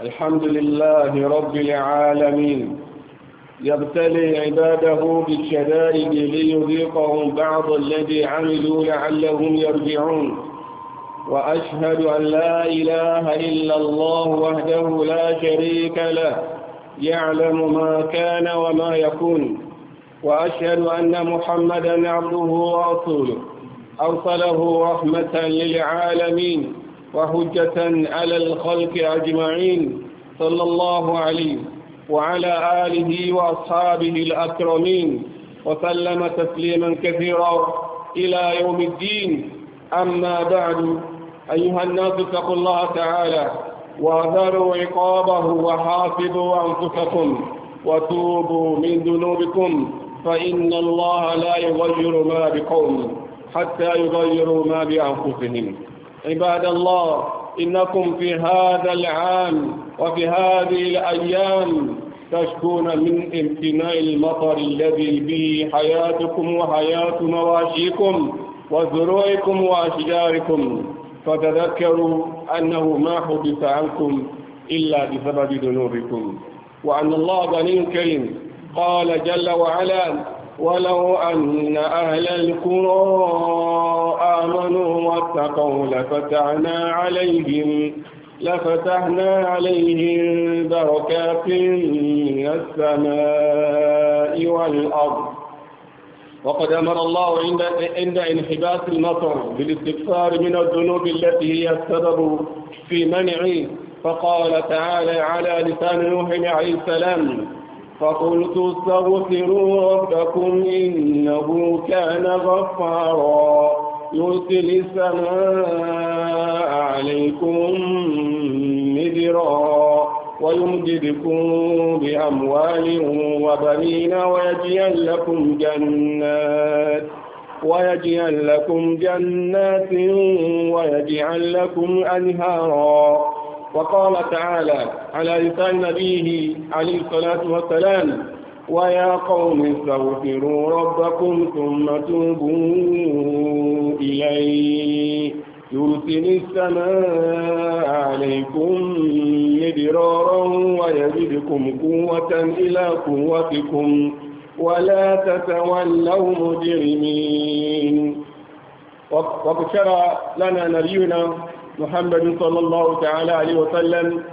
الحمد لله رب العالمين يبتلي عباده بالشدائد ليذيقهم بعض الذي عملوا لعلهم يرجعون وأشهد أن لا إله إلا الله وحده لا شريك له يعلم ما كان وما يكون وأشهد أن محمدا عبده ورسوله أرسله رحمة للعالمين وحجة على الخلق أجمعين صلى الله عليه وعلى آله وأصحابه الأكرمين وسلم تسليما كثيرا إلى يوم الدين أما بعد أيها الناس اتقوا الله تعالى وذروا عقابه وحافظوا أنفسكم وتوبوا من ذنوبكم فإن الله لا يغير ما بقوم حتى يغيروا ما بأنفسهم عباد الله إنكم في هذا العام وفي هذه الأيام تشكون من امتناء المطر الذي به حياتكم وحياة مواشيكم وزروعكم وأشجاركم فتذكروا أنه ما حدث عنكم إلا بسبب ذنوبكم وأن الله غني كريم قال جل وعلا ولو أن أهل القرى آمنوا واتقوا لفتحنا عليهم لفتحنا عليهم بركات من السماء والأرض وقد أمر الله عند عند انحباس المطر بالاستكثار من الذنوب التي هي السبب في منعه فقال تعالى على لسان نوح عليه السلام فقلت استغفروا ربكم إنه كان غفارا يرسل السماء عليكم مدرا ويمددكم بأموال وبنين ويجعل لكم جنات ويجعل لكم جنات ويجعل لكم أنهارا وقال تعالى على لسان نبيه عليه الصلاة والسلام ويا قوم استغفروا ربكم ثم توبوا إليه يرسل السماء عليكم مدرارا ويزدكم قوة إلى قوتكم ولا تتولوا مجرمين وقد شرع لنا نبينا محمد صلى الله تعالى عليه وسلم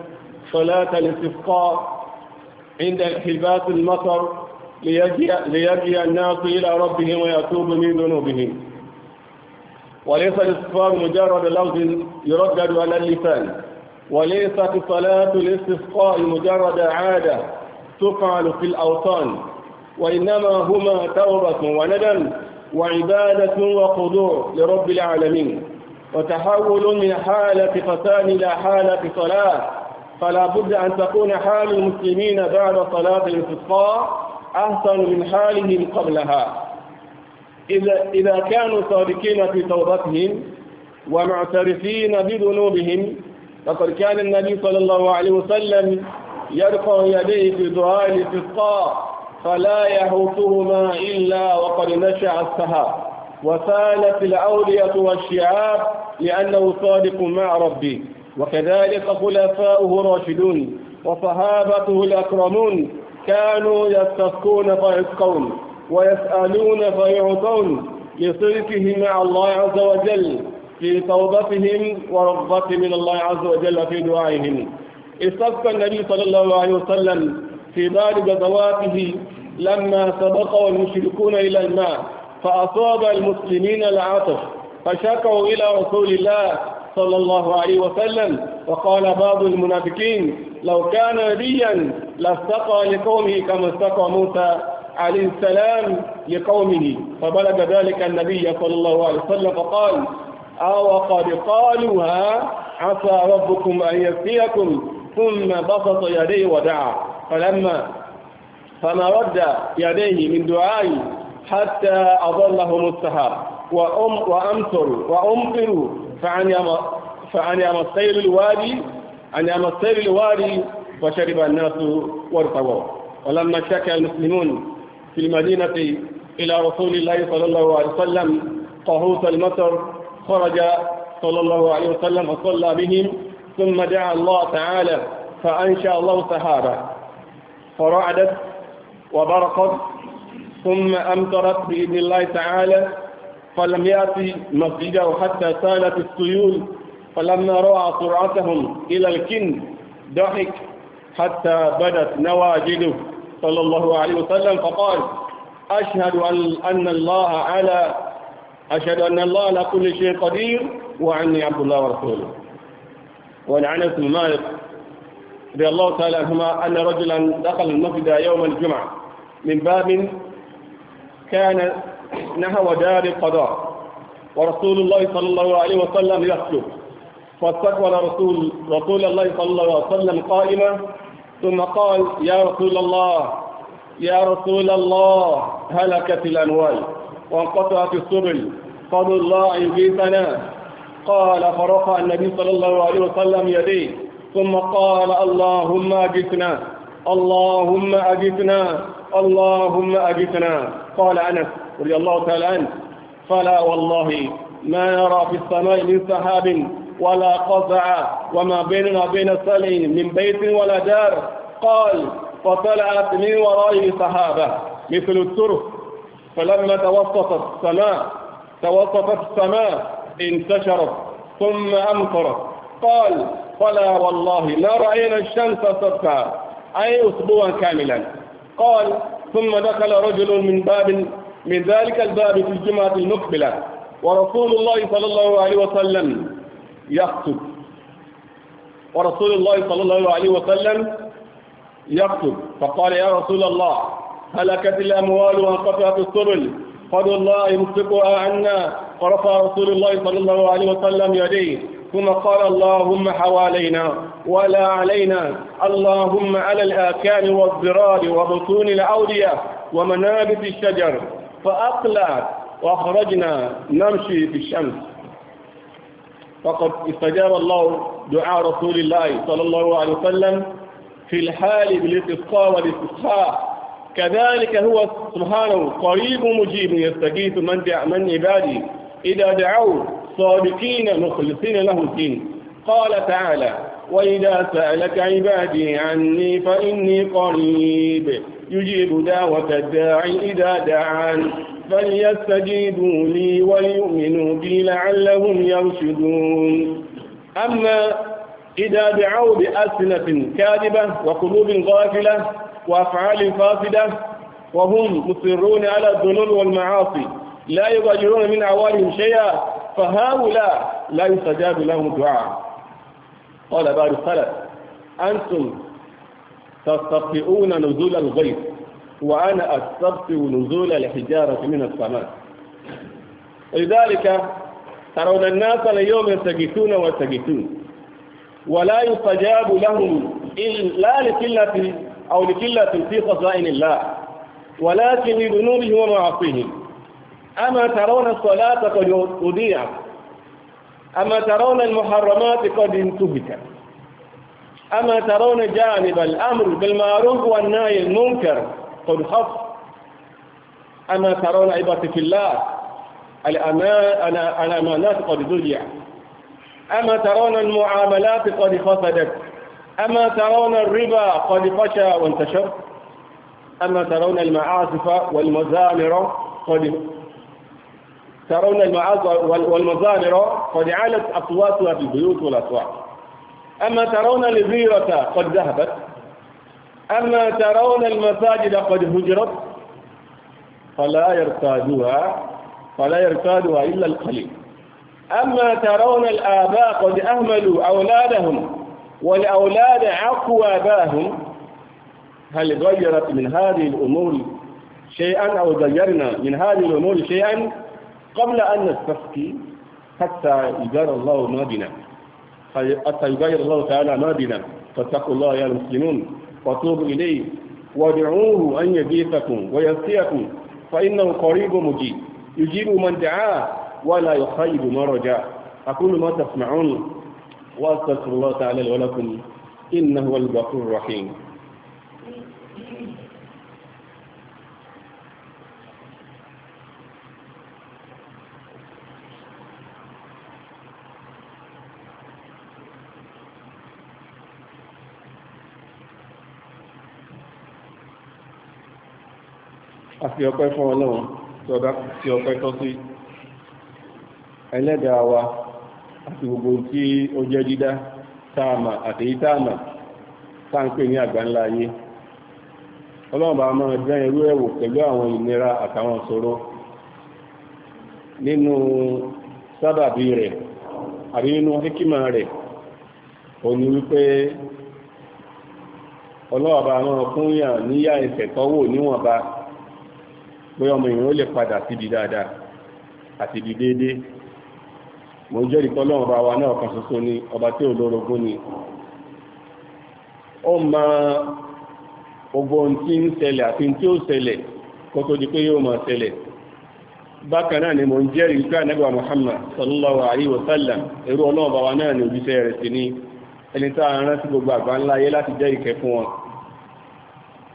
صلاة الاستسقاء عند انحباس المطر ليجي الناس إلى ربهم ويتوب من ذنوبهم وليس الاستسقاء مجرد لفظ يردد على اللسان وليست صلاة الاستسقاء مجرد عادة تفعل في الأوطان وإنما هما توبة وندم وعبادة وخضوع لرب العالمين وتحول من حالة فساد إلى حالة صلاة فلا بد أن تكون حال المسلمين بعد صلاة الاستسقاء أحسن من حالهم قبلها إذا, إذا كانوا صادقين في توبتهم ومعترفين بذنوبهم لقد كان النبي صلى الله عليه وسلم يرفع يديه في دعاء الاستسقاء فلا يهوتهما إلا وقد نشأ السهاب وسالت الأولية والشعاب لأنه صادق مع ربه وكذلك خلفاؤه راشدون وصحابته الأكرمون كانوا يستسقون فيسقون ويسألون فيعطون لصدقه مع الله عز وجل في توبتهم ورغبة من الله عز وجل في دعائهم استسقى النبي صلى الله عليه وسلم في بعض غزواته لما سبقه المشركون إلى الماء فأصاب المسلمين العطف فشكوا إلى رسول الله صلى الله عليه وسلم وقال بعض المنافقين لو كان نبيا لاستقى لقومه كما استقى موسى عليه السلام لقومه فبلغ ذلك النبي صلى الله عليه وسلم فقال أو قد قالوها عسى ربكم أن يفتيكم ثم بسط يديه ودعا فلما فما رد يديه من دعائي حتى أظلهم السهر وأم وأمطر وأمطروا فعن يم فعن السير الوادي عن السير الوادي وشرب الناس وارتووا ولما اشتكى المسلمون في المدينة إلى رسول الله صلى الله عليه وسلم طهوس المطر خرج صلى الله عليه وسلم وصلى بهم ثم دعا الله تعالى فأنشأ الله سهارا فرعدت وبرقت ثم أمطرت بإذن الله تعالى فلم يأتي مسجده حتى سالت السيول فلما رأى سرعتهم إلى الكن ضحك حتى بدت نواجده صلى الله عليه وسلم فقال أشهد أن الله على أشهد أن الله على كل شيء قدير وعني عبد الله ورسوله وعن أنس بن مالك رضي الله تعالى عنهما أن رجلا دخل المسجد يوم الجمعة من باب كان نهو دار القضاء ورسول الله صلى الله عليه وسلم يسلك فاستقبل رسول رسول الله صلى الله عليه وسلم قائما ثم قال يا رسول الله يا رسول الله هلكت الأموال وانقطعت السبل فضل الله يجيثنا قال فرفع النبي صلى الله عليه وسلم يديه ثم قال اللهم أجثنا اللهم أجثنا اللهم أجثنا قال أنس رضي الله تعالى عنه فلا والله ما نرى في السماء من سحاب ولا قزع وما بيننا بين سلع من بيت ولا دار قال فطلعت من ورائه سحابة مثل الترف فلما توسطت السماء توسطت السماء انتشرت ثم أمطرت قال فلا والله ما رأينا الشمس سبتا أي أسبوعا كاملا قال ثم دخل رجل من باب من ذلك الباب في الجمعة المقبلة ورسول الله صلى الله عليه وسلم يخطب ورسول الله صلى الله عليه وسلم يخطب فقال يا رسول الله هلكت الأموال وانقطعت السبل قد الله يمسكها عنا فرفع رسول الله صلى الله عليه وسلم يديه ثم قال اللهم حوالينا ولا علينا اللهم على الآكام والضرار وبطون الأودية ومنابت الشجر فأقلع وأخرجنا نمشي في الشمس فقد استجاب الله دعاء رسول الله صلى الله عليه وسلم في الحال بالاستسقاء والاستسقاء كذلك هو سبحانه قريب مجيب يستجيب من من عباده إذا دعوا صادقين مخلصين له الدين قال تعالى وإذا سألك عبادي عني فإني قريب يجيب دعوة الداعي إذا دعان فليستجيبوا لي وليؤمنوا بي لعلهم يرشدون أما إذا دعوا بألسنة كاذبة وقلوب غافلة وأفعال فاسدة وهم مصرون على الذنوب والمعاصي لا يغادرون من أعوانهم شيئا فهؤلاء لا يستجاب لهم دعاء قال بعض السلف أنتم تستطيعون نزول الغيث وأنا أستطيع نزول الحجارة من السماء لذلك ترون الناس اليوم يستجيثون ويستجيثون ولا يستجاب لهم لا لقلة أو لقلة في خزائن الله ولكن لذنوبهم ومعاصيهم أما ترون الصلاة قد أضيعت أما ترون المحرمات قد انتهكت أما ترون جانب الأمر بالمعروف والنهي المنكر قد خف أما ترون عبادة في الله الأمانات قد ضيع أما ترون المعاملات قد فسدت أما ترون الربا قد فشى وانتشر أما ترون المعازف والمزامر قد ترون المعاذ والمظاهر قد عالت أصواتها في البيوت والأسواق أما ترون الغيرة قد ذهبت أما ترون المساجد قد هجرت فلا يرتادها فلا يرتادها إلا القليل أما ترون الآباء قد أهملوا أولادهم والأولاد عقوا آباهم هل غيرت من هذه الأمور شيئا أو غيرنا من هذه الأمور شيئا قبل أن نستسقي حتى يغير الله ما بنا حتى يغير الله تعالى ما بنا فاتقوا الله يا المسلمون وتوبوا إليه وادعوه أن يجيثكم ويسقيكم فإنه قريب مجيب يجيب من دعاه ولا يخيب من رجاه أقول ما تسمعون وأستغفر الله تعالى ولكم إنه هو الغفور الرحيم àfi ọpẹ́ fún ọlọ́run tí tí ọpẹ́ sí wa àti gbogbo tí ó jẹ́ dídá táàmà àtèyí táàmà táǹpé ní àgbáńlá ayé ọlọ́run bá máa dán irú ẹ̀wò pẹ̀lú àwọn ìnira àtàwọn ìṣòro nínú sábàbí àbí nínú wípé fún yàn níyà ìfẹ̀tọ́wò níwọ̀nba bóyá ọmọ ìrìn ó lè padà síbi dáadáa àti ibi déédéé mo ń jẹ́rìí ọba wa náà kan soso ni ọba tí ò lórogún ni ó mọ gbogbo tí ń ṣẹlẹ̀ àti tí ó ṣẹlẹ̀ kó tó di pé yóò máa ṣẹlẹ̀ bákan náà ni mo ń jẹ́rìí ìgbà nígbà Muhammad sallallahu alayhi wa sallam ẹrú wa náà ni a gbogbo àgbà ńlá ayé láti jẹ́ ìkẹ́ fún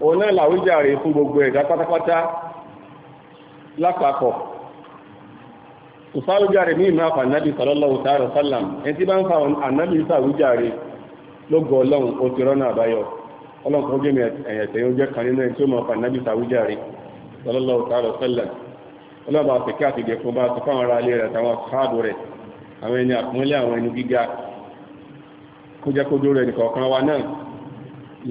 wọn òun náà gbogbo ẹ̀dá pátápátá lápapọ̀ ìfàrújáre ní ìmọ̀ àfà nábi sallallahu ta'ala sallam ẹni tí bá ń fa ànábi ìfàrújáre lógo ọlọ́run ó ti rọ́nà àbáyọ ọlọ́run kan gé sallallahu ta'ala sallam ọlọ́run bá fi kí àtìgẹ̀ fún bá ti fáwọn ará ilé rẹ̀ àtàwọn káàdù rẹ̀ àwọn ẹni àpọ́nlé àwọn ẹni gíga kó jẹ́ kó dúró ẹnì kọ̀ọ̀kan wa náà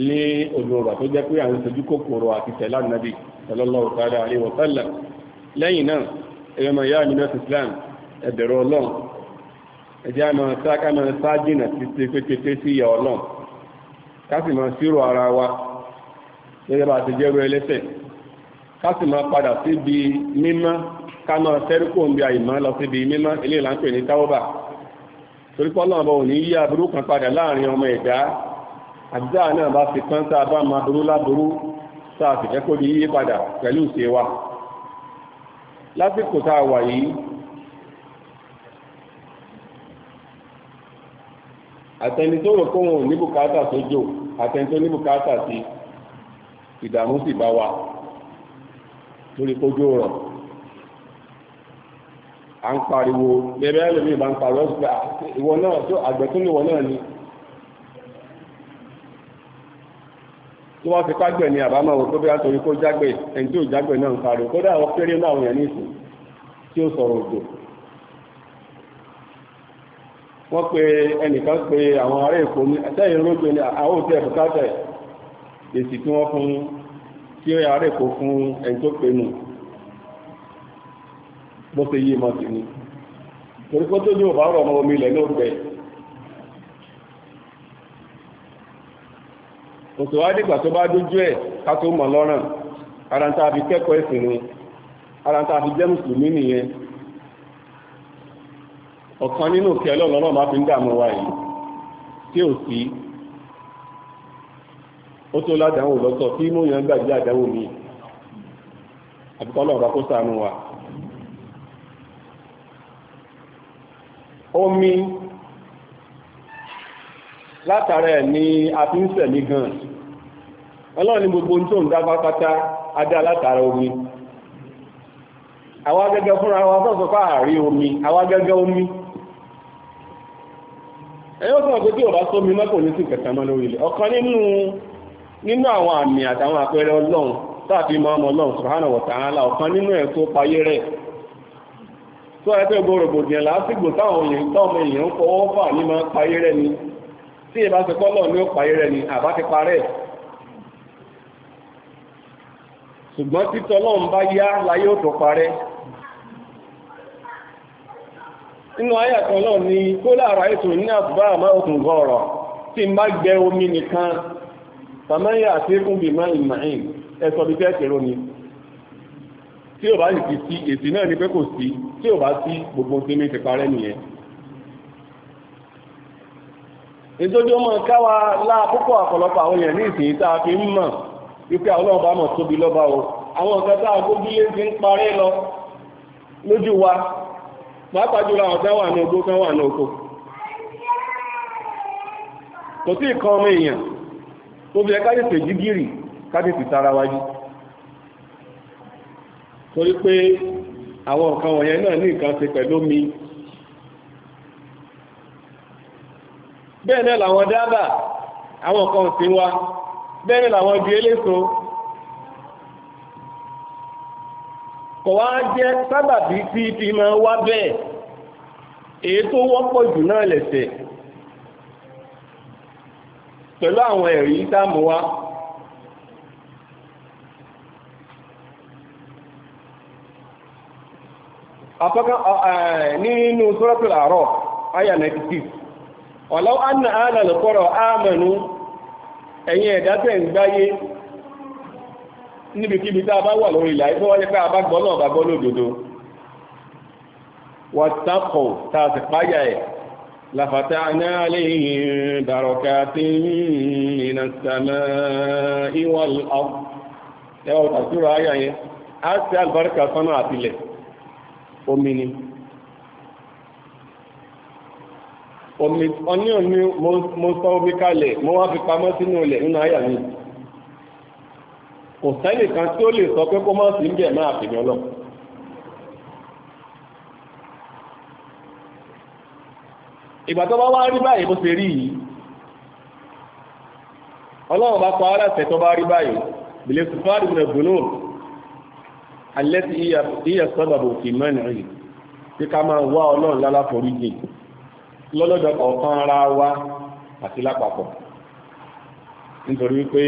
ní òdùnrùbà tó jẹ́ pé àwọn ìṣojú kòkòrò àti tẹ̀lá nàbì sallallahu ta'ala alaihi wa sallam lẹ́yìn náà ẹ̀yọ́mọ̀ ya mi náà islam ẹ̀bẹ̀rù ọlọ́run ẹ̀jẹ̀ àmọ́ sáká máa sáájìnà títí pétété sí ìyá ọlọ́run ká sírò ara wa gẹ́gẹ́ bá ti ẹlẹ́sẹ̀ padà síbi mímọ́ ń àìmọ́ lọ síbi mímọ́ ní táwọ́bà torí ò ní yí kan padà láàrin ọmọ ẹ̀dá náà bá fi kán bá máa burú láburú wa lásìkò tá a wà yìí àtẹni tó rò pé òun ò ní bùkátà sójò àtẹni tó ní bùkátà sí ìdààmú sì bá wa lórí kójú rọ̀ à ń pariwo bẹ́ẹ̀ bẹ́ẹ̀ lómi ìbá ń pariwo ah, ìwọ náà tó àgbẹ̀tún náà ni. tó wá fi pàgbẹ̀ ni àbámọ̀ òun tó bí wọ́n torí kó jágbẹ̀ ẹni tí ò jágbẹ̀ náà ń pariwo kódà ó kéré náà àwọn èèyàn ní ìsìn tí ó sọ̀rọ̀ òjò wọ́n pe ẹnìkan pe àwọn ará èkó ní àtẹ́yìn rójò ní àwòtí ẹ̀fọ́kátẹ̀ èsì tí wọ́n fún tí ó ará èkó fún ẹni tó pe nù bó ṣe yí mọ́ sí ni torí pé tó ní òbá rọ̀ ọmọ omi ilẹ̀ ló gbẹ̀ẹ́ kòtò wá dìgbà tó bá dójú ẹ̀ ká tó mọ̀ lọ́rùn ara tá fi kẹ́kọ̀ọ́ ẹ̀sìn ni ara fi jẹ́ mùsùlùmí nìyẹn ọ̀kan nínú òkè ọlọ́run náà fi ń dààmú wa yìí tí ò sí ó tó ládàáwò lọ́tọ̀ tí gbàgbé àdáwò mi àbíkọ́ ọlọ́run bá kó wa omi látara ẹ̀ ni a fi ń sẹ̀mí gan ọlọ́run ní gbogbo tó ń dá pátápátá adá látara omi àwa gẹ́gẹ́ fúnra wa àrí omi àwa gẹ́gẹ́ omi ẹ̀yọ́ sọ̀rọ̀ pé tí ò bá sómi mọ́kò ní sí kẹta mọ́ lórí ọ̀kan nínú àwọn àmì àtàwọn àpẹẹrẹ ọlọ́run tàbí ọlọ́run ọ̀kan nínú ẹ̀ tí ìbá ti kọ́ lọ́ọ̀ ní ó parí rẹ̀ ni àbá ti parẹ́ ṣùgbọ́n títọ́ lọ́ọ̀ bá yá láyé ó tó parẹ́ inú ayà kan náà ni kó láàrá ètò ní àbúbá àmá òkun gọ́ọ̀rọ̀ tí ń bá gbẹ omi nìkan tàmáyà àti ẹkùn bí máa ìmáìn ẹsọ bí fẹ́ kèrò ni tí ò bá sì ti sí èsì nítorí ó máa káwa láà púpọ̀ ọ̀pọ̀lọpọ̀ àwọn èèyàn ní ìsìn tá a fi ń mọ̀ wípé àwọn ọba mọ̀ tóbi lọ́ba o àwọn nǹkan tá a ti ń parẹ́ lọ lójú wa pàápàá jùlọ àwọn tán wà ní ogbó tán wà ní oko kò sí ìkan ọmọ èèyàn tó fi ẹ̀ká tètè jí gírì ká tètè tara wájú torí pé àwọn nǹkan wọ̀nyẹn náà ní nǹkan ṣe pẹ̀lú omi bẹ́ẹ̀ náà làwọn dábà àwọn kan sí wa bẹ́ẹ̀ náà làwọn ibi eléso kọ̀ wá jẹ́ sábàbí tí fi máa wá bẹ́ẹ̀ èyí tó wọ́pọ̀ jù náà lẹ̀sẹ̀ pẹ̀lú àwọn ẹ̀rí dáàmú wa apákan nínú suratul A'raf 96 ọ̀lọ́wọ́ anà alàlùkọ́rọ̀ àmànú ẹ̀yìn ẹ̀dá tẹ̀ ń gbáyé níbikíbi tá a bá wà lórí ilẹ̀ àìfẹ́ wọ́n a bá gbọ́ náà bá gbọ́ lódodo wọ́tàkọ̀ tá páyà ẹ̀ làfàtà náà lẹ́yìn dàrọ̀kà tí omi ọní omi mo sọ omi kalẹ̀ mo wá fi pamọ́ sínú ilẹ̀ nínú àyà mi kò sẹ́nì kan tí ó lè sọ pé kó má sí ń bẹ̀ máa fi yọ lọ. ìgbà tó bá wá rí báyìí bó ṣe rí yìí ọlọ́run bá pa aláṣẹ tó bá rí báyìí bìlẹ̀ sùfáàdì bìlẹ̀ gbóná alẹ́ ti ìyà sọ́dọ̀ bò fi mẹ́rin rí kí ká máa wá ọlọ́run lálá forí jìn lọ́lọ́dọ̀ ọ̀kan ara wa àti lápapọ̀ nítorí wípé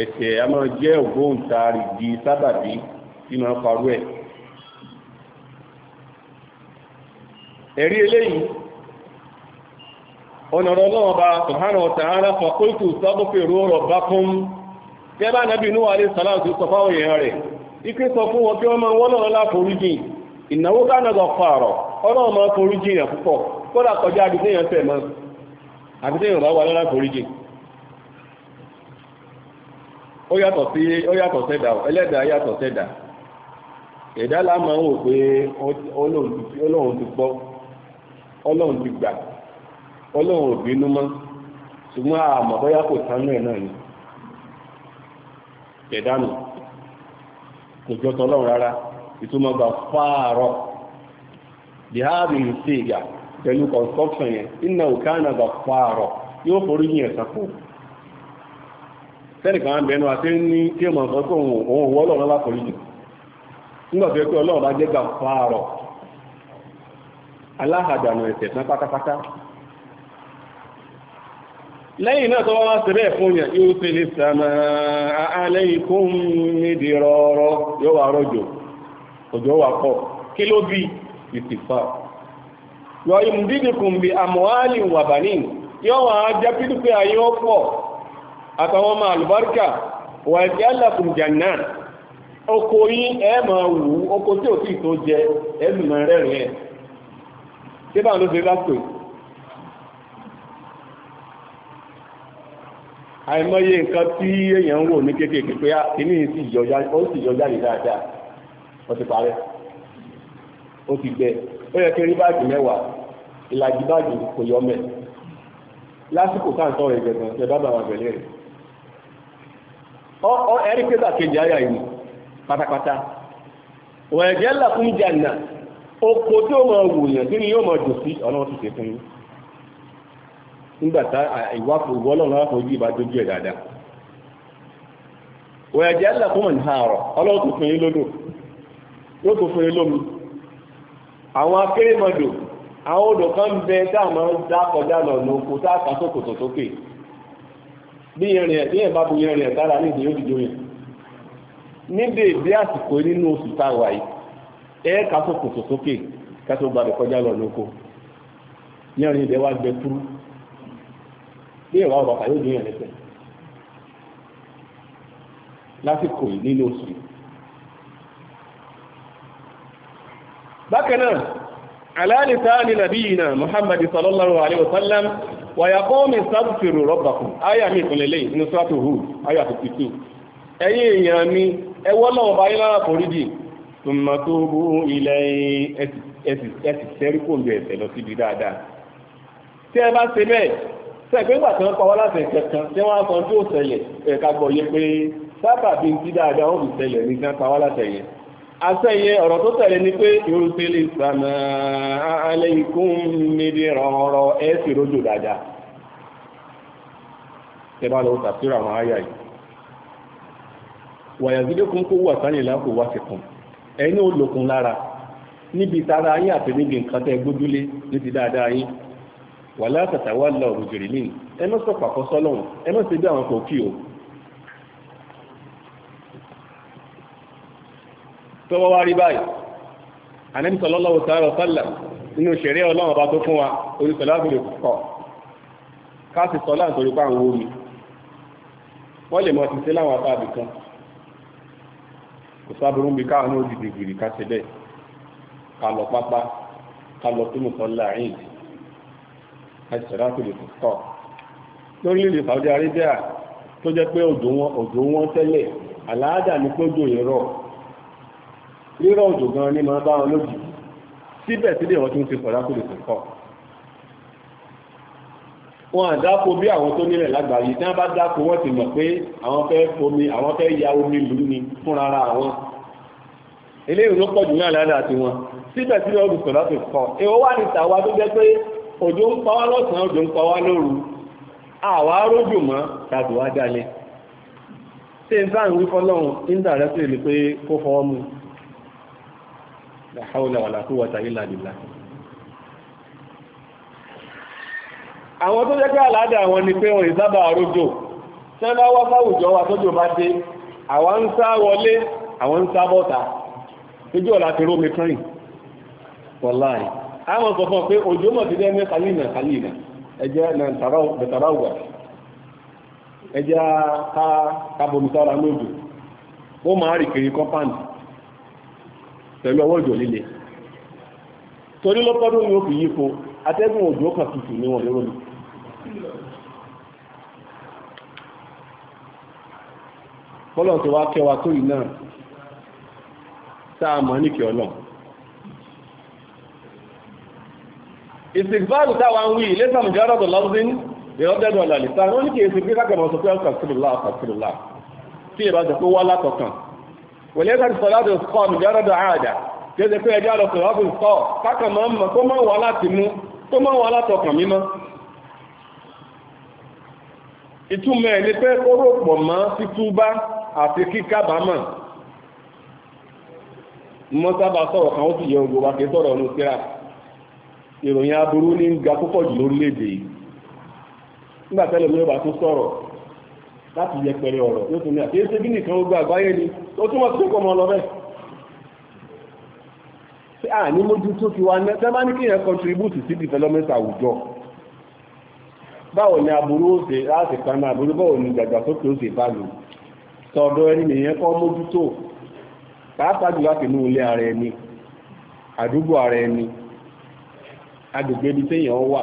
ẹ̀ṣẹ̀ a máa jẹ́ ògbóǹtarìgì sábàbí tí máa farú ẹ̀ ẹ̀rí eléyìí ọ̀nàrọ̀ náà bá subhanahu wa ta'ala faqultu istaghfiru inú sàlátù sọ fáwọn èèyàn rẹ̀ ike sọ fún wọn kí wọ́n máa wọ́n ìnáwó máa púpọ̀ kódà kọjá abitẹ́yàn fẹ̀ mọ́ abitẹ́yàn bá wà lọ́la foríjì ó yàtọ̀ sí yàtọ̀ sẹ́dà ẹlẹ́dà yàtọ̀ sẹ́dà ẹ̀dá láàmà ń wò pé ọlọ́run ti gbọ́ ọlọ́run ti gbà ọlọ́run ò bínú mọ́ ṣùgbọ́n àmọ́ kò sánú ẹ̀ náà ni ẹ̀dá nù kò jọ tọ́lọ́run rárá ìtumọ̀ gbà fáàrọ̀ pẹ̀lú construction yẹn iná òkè ànàgbà pààrọ̀ yóò forí yìí ẹ̀sán fún sẹ́nìkan á bẹnu àti ní tí èèmọ̀ sọ pé òun òwò ọlọ́run bá forí nígbà tó yẹ pé ọlọ́run bá jẹ́ gbà pátápátá sàmà rọrọ yóò òjò wà pọ̀ kí ló bí yọ ìmúdídìkùn bí àmúhálì wàbàní yọ wọn á jẹ́ pídùpẹ́ ayé ó pọ̀ àtàwọn ọmọ àlùbáríkà wà ẹ̀jẹ̀ alákùn jàǹnà oko yín ẹ máa wù ú oko tí ò sì tó jẹ ẹlùmọ̀ rẹ̀ rẹ̀ ṣé báwọn ló ṣe lásìkò àìmọye nǹkan tí èèyàn ń wò ní kéékèèké pé ah, kìíní sì yọjá ó sì yọjá ní dáadáa ó ti parẹ́. ó ti gbẹ ó yẹ kí rí báàgì ìlàjì báàgì kò yọ lásìkò ṣe bá bàbá ọ ẹ̀rí pẹ́sà kejì ayà yìí pátápátá wẹ̀jẹ́ là fún jàǹnà oko tí ó mọ wòyàn tí ni yóò mọ sí ọlọ́run ti yín ìwáfò ìbá dójú ẹ̀ dáadáa fún ọlọ́run tó fún yín lódò yóò tó fún àwọn akérèmọdò àwọn odò kan ń bẹ tá àmọ́ dá kọjá lọ ní oko tá àkà sókòtò sókè bí irin ẹ̀ tí ẹ̀ bá bu irin ẹ̀ tára ní ìdíyó dìjọ yẹn níbi ìdí àsìkò nínú oṣù táwa yìí ẹ̀ ká sókòtò sókè ká tó gbàdọ̀ kọjá lọ ní oko irin ìdẹ wa gbẹ kúrú bí ìwà ọ̀rọ̀ kà yóò dìyàn lẹ́sẹ̀ lásìkò yìí nínú oṣù yìí bákanáà aláàlìta ni nàbíyìnà muhammad sallallahu alaihi wasallam wà yà kọ́ mi sábùfèrò rọ́bàkù ayà mi ìpínlẹ̀ inú sọ́tò hù ayà 52 ẹ̀yin èèyàn mi ẹwọ́ náà bá yín lára foríjì tùmọ̀ tó bú ilẹ̀ ẹ̀sì sẹ́rí kò lù ẹ̀sẹ̀ lọ síbi dáadáa tí ẹ bá ṣe bẹ́ẹ̀ sẹ́gbẹ́ gbà tí wọ́n pa asẹ́yẹ ọ̀rọ̀ tó tẹ̀lé ni pé yorùsílì sàmà alẹ́ ikú níbi ọ̀rọ̀ ẹ̀ sì rójò dáadáa tẹ́ bá lọ tàbíra àwọn àyà yìí wàyàzídékun kó wà sánìlá kò wá sẹ̀kùn ẹni ó lòkun lára níbi tara yín àti níbi nǹkan tẹ́ gbójúlé ní ti dáadáa yín wà látàtàwà lọ òjòrìlín ẹ má sọ pàkọ́sọ́lọ́hùn ẹ má ṣe bí àwọn kò kí o tọwọ́ wá rí báyìí Ànábì sallallahu ta'ala sallam nínú ṣẹ̀rẹ́ ọlọ́run ọba tó fún wa oníṣẹ́lá gbèrè kọ̀ káàsì sọ́lá nítorí pa àwọn omi wọ́n lè mọ̀ ti sí láwọn àtàbì kan kò sábúrú bí káwọn náà dìde gìrì ká ṣe bẹ́ẹ̀ ká lọ pápá ká lọ tó mùsọ̀ láàrin ìdí káàsì kọ̀ lórílẹ̀-èdè Saudi Arabia tó jẹ́ pé òjò wọn tẹ́lẹ̀ àlàájà ní kójò yẹn rọ̀ rírọ̀ òjò gan ni máa bá wọn lójì síbẹ̀ síbẹ̀ wọ́n tún ti pọ̀ lákòlè tó kọ̀ wọn àdáko bí àwọn tó nílẹ̀ lágbàáyé tí wọ́n bá dáko wọ́n ti mọ̀ pé àwọn fẹ́ fomi àwọn fẹ́ ya omi lù ní fúnra ara àwọn eléyìí ló pọ̀ jù ní àlàáda tiwọn síbẹ̀ síbẹ̀ wọ́n ti pọ̀ láti kọ̀ èèwọ̀ wà ní tàwa tó jẹ́ pé òjò ń pa wá lọ́sàn-án òjò ń pa wá lóru àwa rójò mọ́ tàbí wá dalẹ̀ ṣé n bá ń wí fọlọ́run ń dàrẹ́sì lè pé kó fọwọ́ mu la hawla wala quwwata illa billah àwọn tó jẹ́ pé àládà àwọn ni pé òrì sábà àrójò tí wọ́n bá wá fáwùjọ wa tójò bá dé àwọn ń sá wọlé àwọn ń sá bọ́ta tójú ọ̀la ti rómi kánì wọláì àwọn sọ fún pé òjò mọ̀ ti dẹ́ ní kàlínà kàlínà ẹjẹ́ pẹ̀lú ọwọ́ òjò líle torí lọ́pọ́dún ni ó fi yípo atẹ́gùn òjò kan tutù ní wọn lérò ní bọ́lọ̀ tó wá kẹwàá tó yìí náà sáà mọ̀ ní kí ọlọ́run ìsìnkú táwa ń wí ilé sàmùjá rọ̀dọ̀ lọ́dún ìrọ́dẹ̀dọ̀ ọ̀làlìsá wọ́n ní kí èsì pé kákẹ̀mọ̀ sọ pé ọkọ̀ sílùlá ọkọ̀ sílùlá tí ìbájọ̀ pé wá látọ̀kàn wọ̀lẹ́sà ti sọ̀lá tó kọ́ nìjọ́rọ̀dọ̀ àádà tí ó ṣe pé ẹjọ́ lọ sọ̀rọ̀ fún kọ́ kákan mọ́ mọ́ kó mọ́ wà láti mú kó mọ́ wà láti ọkàn mímọ́ ìtumọ̀ ẹ̀ ni pé ó rò pọ̀ mọ́ títúbá àti kíkábàámọ̀ mọ́ sábà sọ̀rọ̀ kan ó sì yẹ ògbò wa kì í sọ̀rọ̀ ọ̀nù síra ìròyìn aburú ní ga púpọ̀ jù lórílẹ̀-èdè yìí nígbà tẹ́lẹ̀ mi ò láti yẹpẹrẹ ọ̀rọ̀ yóò tún ní àti ẹsẹ̀ bí nìkan ogun àgbáyé ni ó túnmọ̀ sí kọ́mọ lọ tí a ní mójú tó fi wá náà tẹ́bá ní kí yẹn contribute sí development àwùjọ báwo ni aburú ó ṣe láti aburú báwo ni ó ṣe bá lò ẹni nìyẹn kọ́ mójú tó pàápàá ilé ara ẹni àdúgbò ara ẹni agbègbè ibi téèyàn wà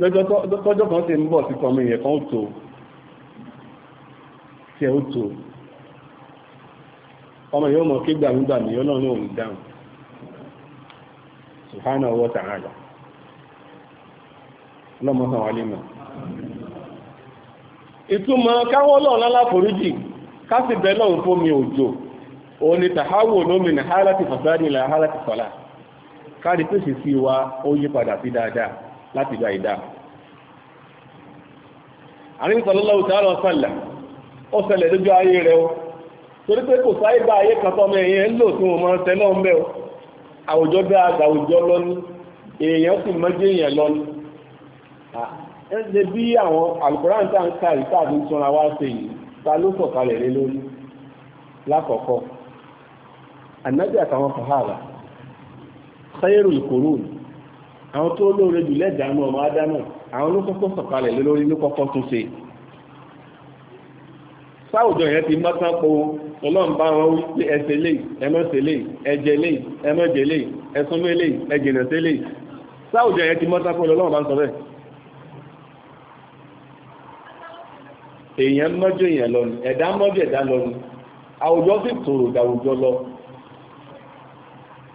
lọ́jọ́ kan sì ń bọ̀ sí kan tó tí ẹ ó tó ọmọ yóò mọ̀ kí gbàmígbà mi ọlọ́run náà ń dáhùn subhanahu wa ta'ala ọlọ́mọ kan wà lẹ́mọ̀ ìtumọ̀ káwọ́ lọ́run fún mi òjò o ni tàháwò lómi ní hálàtì hálàtì fàlà káàdì pèsè sí wa ó yí padà láti gba ìdá ó lójú ayé rẹ̀ pé kò sáyé bá ayé kan tọ́mọ èèyàn lò tí wọ́n tẹ́lọ́ ń bẹ́ o àwùjọ bẹ́ lọ ní èèyàn sì èèyàn àwọn tó lóore jù lẹ́dàánú ọmọ ádámù àwọn ló sọ̀kalẹ̀ lórí ló kọ́kọ́ tún ṣe sáwùjọ yẹn ti mọ́tán po ọlọ́run bá wọn wí pé ẹsẹ̀ lè ẹmọ́sẹ̀ lè ẹjẹ lè ẹmọ́jẹ lè ẹsúnmé lè sí lè sáwùjọ yẹn ti mọ́tán po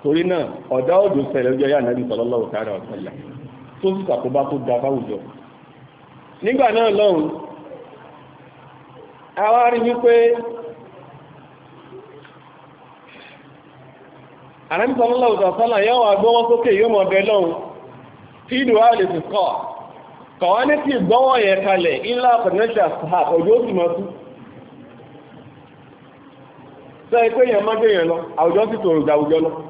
torí náà ọ̀dá òjò ṣẹlẹ̀ ọjọ́ yà nàbí sallallahu ta'ala wa sallam tó bá kó da fáwùjọ nígbà náà lọ́hùn a wá rí wípé ànábì sallallahu ta'ala wa sallam yóò wá sókè yóò mọ̀ bẹ́ lọ́hùn tí lè fi kọ́ kọ̀wá ní ti gbọ́wọ́ yẹn kalẹ̀ ilá financial òjò sì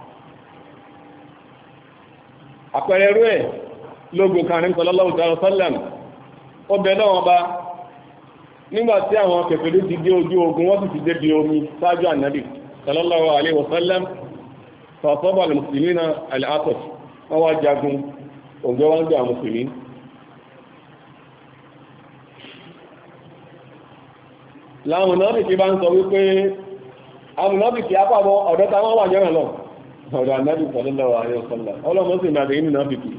àpẹẹrẹ rú ẹ̀ lógo karin sallallahu alaihi wasallam ó bẹ náà wọn bá nígbà tí àwọn kèfèrí ti dé ojú ogun wọ́n sì ti dé bi omi ṣáájú ànábì sallallahu alaihi wasallam fàṣọ́bà mùsùlùmí na al'asọ̀t wọ́n ọ̀dọ̀ anábì sallallahu alaihi wasallam ọlọ́mọ sì máa dẹ̀yìn mùnáfìkì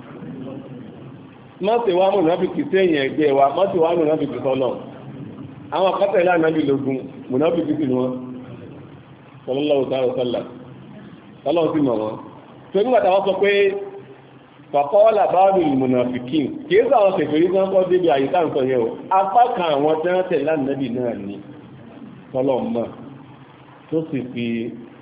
má ti wá mùnáfìkì sí ẹ̀yìn ẹgbẹ́ wa má ti wá mùnáfìkì sọ́nà àwọn akọ́tẹ̀ ilé anábì lógún mùnáfìkì sì ni wọ́n sallallahu alaihi wasallam o kan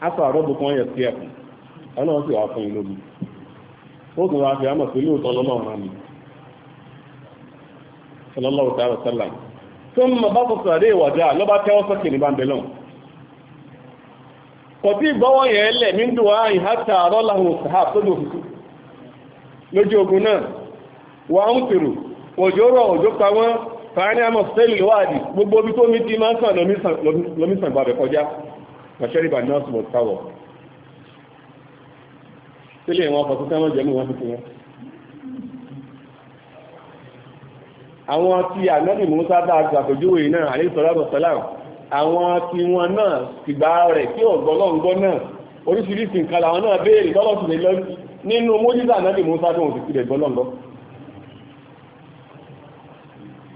afọ àrọ́bù kan yẹ sí ẹ̀kùn ọlọ́run sì wá fún inú mi ó tún wá fi àmọ̀ mi sallallahu ta'ala sallam tó ń mọ̀ bá tó sàré ìwàdà ló bá tẹ́wọ́ sókè ní bambẹ̀ lọ́n kò tí gbọ́wọ́ yẹn lẹ̀ mí ń dùn ogun náà wà ń fèrò òjò rọ̀ òjò pa wọ́n gbogbo kọjá wàṣẹ́rìbà náà sùn ọ̀táwọ̀ sílẹ̀ wọn ọkọ̀ tó sẹ́wọ́n jẹ́mú wọn tuntun wọn. àwọn tí ànábì Musa bá àgbàpèjúwe náà àlẹ́sọ̀rọ̀ sọ́lá àwọn tí wọn náà ìgbà rẹ̀ tí ọ̀gbọ́lọ́ngbọ́ náà oríṣiríṣi nǹkan làwọn náà béèrè tọ́lọ́sùn lè lọ nínú mójísà ànábì Musa tó wọn sì sílẹ̀ gbọ́lọ́ngbọ́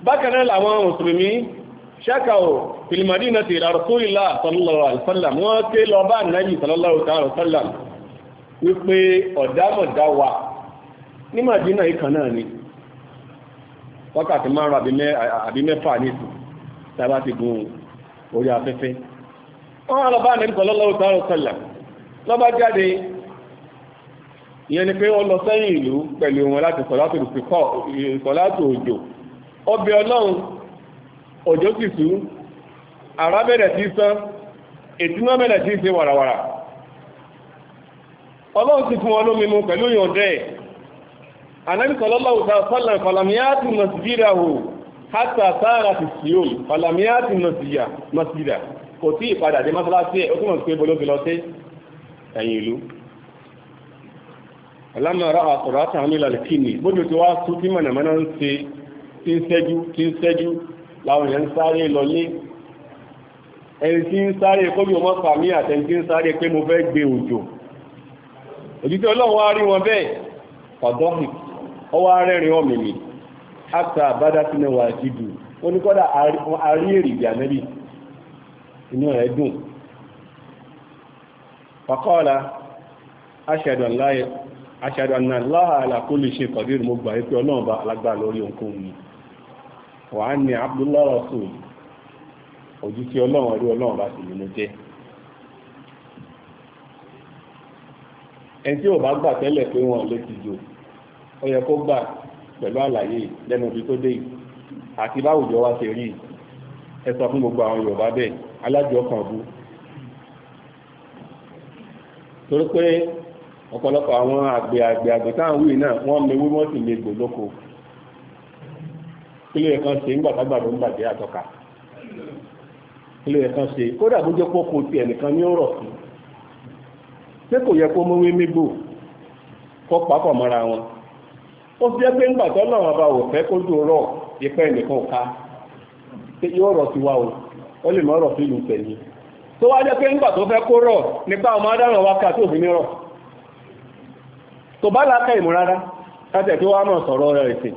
bákan náà làwọn mùsùlùmí ṣákàwò fìlìmọ̀dínà ti ìlà rọ̀súlìlá sọlọ́lọ́ àlùsọ́làm wọ́n ké lọ bá nàbì sọlọ́lọ́ àlùsọ́làm wípé ọ̀dámọ̀dá wa ní màdínà ìkan náà ni wákàtí márùn àbí mẹ́fà nìtù tàbá ti gun orí afẹ́fẹ́ wọ́n lọ bá nàbì sọlọ́lọ́ àlùsọ́làm lọ bá jáde ìyẹn ni pé ó lọ sẹ́yìn òjò sì sú àrá bẹ̀rẹ̀ sí sán ètúná bẹ̀rẹ̀ sí ṣe wàràwàrà ọlọ́run sì fún wọn lómi mu pẹ̀lú ìyọ̀ndẹ́ ẹ̀ anábì sallallahu sálẹ̀ falamiyati masjida hù hátà sára ti síòm falamiyati masjida kò tí ìpadà dé mọ́sálásí ẹ̀ ó túnmọ̀ sí pé bolóbi lọ sí ẹ̀yìn ìlú alámọ̀rá àkùrátà nílàlẹ̀ kìíní bójú tí wá sú tí mọ̀nàmọ́ná ń ṣe tí ń ṣẹ́jú tí ń ṣẹ́jú láwọn èèyàn ń sáré lọlé ẹni tí ń sáré kójú ọmọ pàmí àtẹni tí ń sáré pé mo fẹ́ gbé òjò òjítí ọlọ́run wá rí wọn bẹ́ẹ̀ ọ̀dọ́hìn ọwọ́ arẹ́rin ọmìnì áta àbádásílẹ̀wà ìdìbò ó ní kọ́dà àrí èrìdì àmẹ́bì inú rẹ̀ dùn fàkọ́ọ̀lá aṣàdọ̀nà láàlá kó lè ṣe kọ̀dírù mo gbà wípé ọlọ́run bá alágbà lórí ohunkóhun ni wà á ní abdullahi rasul ojú tí ọlọ́run rí ọlọ́run bá sì nínú jẹ́ ẹni tí ò bá gbà tẹ́lẹ̀ pé wọn lè ti jò ó yẹ kó gbà pẹ̀lú àlàyé lẹ́nu ibi tó dé yìí àti báwùjọ wa ṣe rí ẹ sọ fún gbogbo àwọn Yorùbá bẹ́ẹ̀ alájọ kan bú torí pé ọ̀pọ̀lọpọ̀ àwọn àgbẹ̀ àgbẹ̀ àgbẹ̀ táwọn wíì náà wọ́n mewé wọ́n sì lè gbò lóko kílò ẹ̀kan ṣe ńgbàtàgbàdo ń bàjẹ́ àtọ́ka kílò ẹ̀kan ṣe kódà bó jẹ́ pọ́kò tí ẹnìkan ní ọ̀rọ̀ sí pé kò yẹ kó mówé mégbò kó mọ́ra wọn ó jẹ́ pé ńgbàtọ́ náà wọn bá wò fẹ́ kó dùn rọ̀ ìpẹ́ ẹnìkan ká pé yóò rọ̀ sí wa o ó lè mọ́ rọ̀ sí ìlú tẹ̀yìn tó wá jẹ́ pé fẹ́ kó rọ̀ nípa adáràn wa ká tó fi ní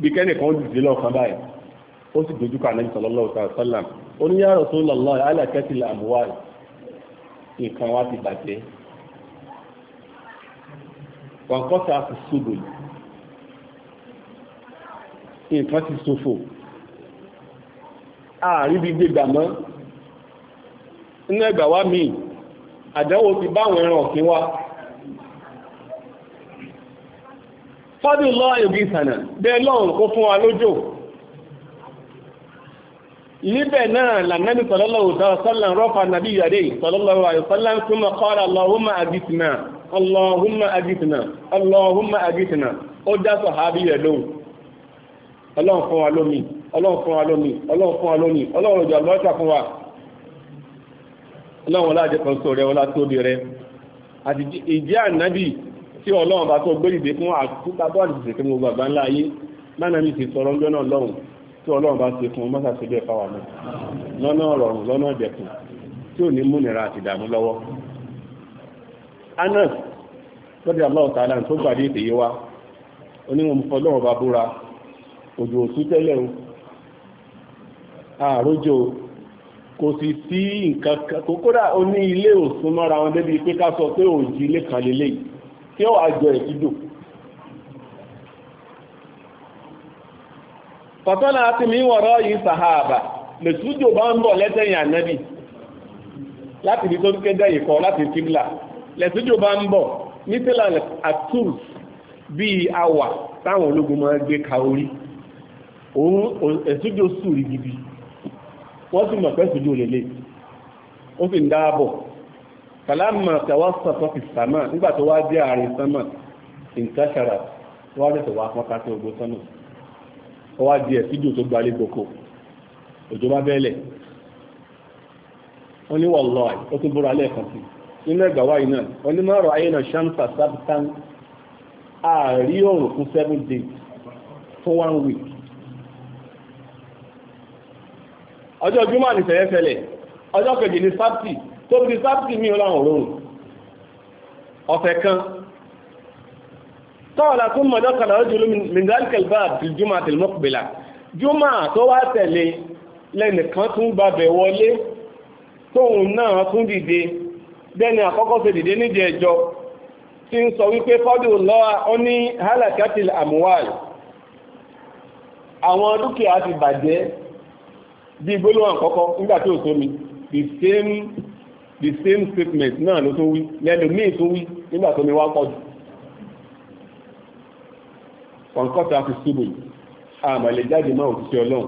bí kẹ́nìkan jù sí lọ́kàn báyìí ó sì dojú kà Ànábì sallallahu alaihi wasallam ó ní ya Rasulullah alákẹ́tìlá àmúwá nǹkan wá ti bàjẹ́ wọn kọ́ sá ti ṣubú nǹkan ti ṣòfò ààrin bí gbégbà mọ́ nínú ẹgbà wá míì àdánwò ti bá àwọn ẹran ọ̀sìn wa fọ́dí lọ ìbí ìsànà bẹ́ lọ́run kó fún wa lójò níbẹ̀ náà lànàbí sọ̀lọ́lọ́wọ́ sọ́lọ́n rọ́fà nàbí yàdé sọ̀lọ́lọ́wọ́ àyọ̀sọ́lá ń súnmọ́ kọ́ra lọ́húnmà àdìsìnà ọlọ́húnmà àdìsìnà ọlọ́húnmà àdìsìnà ó dá sọ̀hábí rẹ̀ lóhùn ọlọ́run fún wa lómi ọlọ́run fún wa lómi ọlọ́run fún wa lómi ọlọ́run òjò àlọ́ọ̀tà fún wa ọlọ́run ọlá àjẹkọ̀ọ́sọ rẹ̀ ọlá tí ọlọ́run bá tó gbé dìde fún àkúta tó àdìsẹ̀ fún gbogbo àgbà ńlá ayé lánàá mi ti sọ̀rọ̀ ńjọ́ náà lọ́run tí ọlọ́run bá ṣe fún ọmọ sàṣẹ́jọ́ ìfáwà náà lọ́nà ọ̀rọ̀rùn lọ́nà ìdẹ̀kùn tí ò ní múnira àti ìdààmú lọ́wọ́ anas lọ́dí aláwọ̀ tààlà tó gbàdé ìtèyé wa oníwọ̀n fọlọ́wọ̀ bá búra òjò òsú tẹ́lẹ̀ o àrójò kò sì sí nǹkan kókódà ó ní ilé òsún mọ́ra wọn débi pé ká sọ pé òjì ilé kan lélẹ́yìí tí ó wà jọ ìdídò tọ̀tọ́nà àti míwọ̀rọ̀ yìí sàhábà lè tújò bá ń bọ̀ lẹ́tẹ̀yìn ànábì láti tó kéjẹ́ ìkọ́ láti lè bá ń bọ̀ nítìlà àtúrùs bí àwà táwọn ológun máa gbé ka orí òun ẹ̀sùjò sùúrì gidi wọ́n sì mọ̀ kàlámà tàwọ́sà tó fi sàmà nígbà tó wá dé àárín sánmà ìntàṣàrà tó wá lẹ́sẹ̀ wá pọ́n ká sí ogbó sánmà ó wá di ẹ̀sídùn tó gbalé gboko òjò bá bẹ́ẹ̀lẹ̀ ó ní wàlláhì ó tún búra lẹ́ẹ̀kan sí nínú ẹgbà wáyé náà ó ní márùn ayé náà ṣáńtà sábìtán àárí òrùn fún seven days fún one week ọjọ́ júmọ̀ nìfẹ̀yẹ́fẹ̀lẹ̀ ọjọ́ kejì ní sábìtì tó fi sábìtì mi láwọn òrórùn ọ̀fẹ́ kan tọ́ọ̀lá tún mọ̀jọ́ kan lọ́jọ́ jùlọ mìndálkẹ̀lbá jùmọ̀ àtìlmọ́kùbìlà jùmọ̀ tó wá tẹ̀lé lẹ́nìkan tún gbàbẹ̀ wọlé tóun náà tún dìde bẹ́ni àkọ́kọ́ ṣe dìde níjẹ ẹjọ́ tí ń sọ wípé fọ́dù lọ́wọ́ ó ní halakatil amuwal àwọn dúkìá ti bàjẹ́ bí gbólóhàn kọ́kọ́ nígbà tí ò sómi the same the same statement náà ló tó wí lẹ́nu míì tó wí nígbà tó mi wá pọ̀ jù kọ̀ǹkọ́ta fi ṣubú yìí àmà lè jáde máa òṣìṣẹ́ ọlọ́run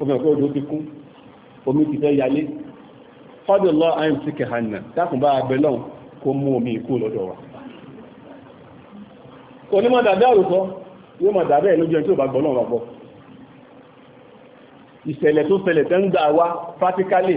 ó fẹ́ pé odò ti kú omi ti fẹ́ yalé fọ́dọ̀ lọ àyìn sí kẹhànà dákùnbá abẹ lọ́hùn kó mú omi ìkú lọ́dọ̀ wa kò ní máa dàbẹ́ àrùsọ yóò máa dàbẹ́ lójú ẹni tí ò bá gbọ́ náà wà gbọ́ ìṣẹ̀lẹ̀ tó ṣẹlẹ̀ tẹ́ ń gbà wá pátíkálì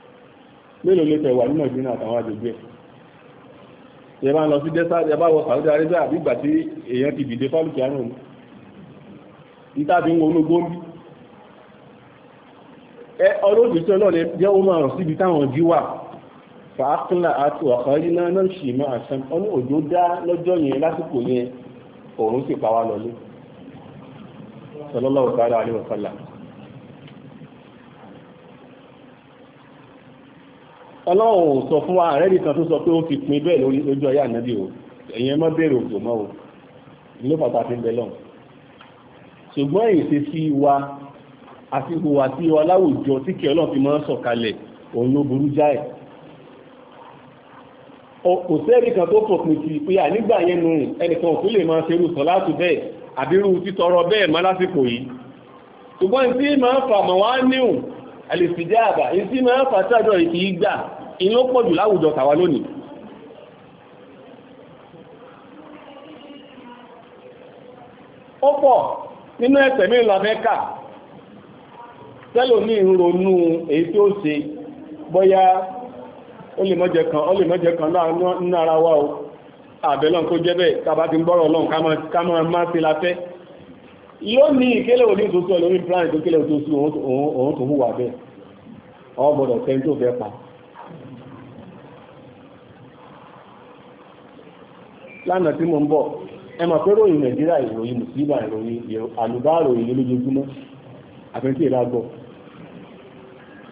mélòó ló tẹ̀wà ní Nàìjíríà àtàwọn àjòjì ẹ̀ ẹ bá ń lọ sí dẹ́sà ẹ bá wọ Saudi Arabia àbí ìgbà tí èèyàn ti dìde fálùkì àrùn ní tàbí ń wo ológbó ń bí ẹ ọlọ́dún tí ọlọ́run jẹ́ ó máa rọ̀ síbi táwọn jí wà fàákùnlà àti ọ̀kan yín náà náà ṣì máa ṣan ọ ní òjò dá lọ́jọ́ yẹn lásìkò yẹn òun sì pa wá lọlé sọlọ́lọ́ ọ̀tá àríwọ̀sálà ọlọ́run ò sọ fún wa àrẹ́dì kan tó sọ pé ó fi pin bẹ́ẹ̀ lórí lójú ayé ànábì o èyàn mọ́ bẹ̀rẹ̀ òjò mọ́ o ló fàtà fi ń bẹ lọ́hùn ṣùgbọ́n èsì sí wa àti ìhùwà sí wa láwùjọ tí kí ọlọ́run fi máa ń sọ̀kalẹ̀ òun ló burú jáì kò sẹ́ẹ̀rì kan tó fòpin sí pé ànígbà yẹn nu ẹnìkan ò tún lè máa ṣerú sọ láti bẹ́ẹ̀ àbírú títọrọ bẹ́ẹ̀ má lásìkò yìí ṣùgbọ́n tí máa ń fà mọ̀ wá níhùn àlèfìdẹ́ àbà ìsí máa fàtàdọ̀ ìkì ìgbà inú pọ̀jù láwùjọ tàwa lónìí ó pọ̀ nínú ẹ̀sẹ̀ mi mẹ́kà tẹ́lòmí ń ronú èyí tí ó se bóyá ó lè mọ́jẹ kan ó lè mọ́jẹ kan ara o àbẹ̀lọ́n kó la yóò ní ìkélé òní tó tó plan tó kélé òun tó hùwà bẹ́ẹ̀ ọgbọ̀dọ̀ tẹ́ tó fẹ́ pa lánàá tí mo ń bọ̀ ẹ mọ̀ pé ròyìn nàìjíríà ìròyìn mùsùlùmí ìròyìn àlùbá ròyìn lójoojúmọ́ àfẹ́ntì ìlàgbọ̀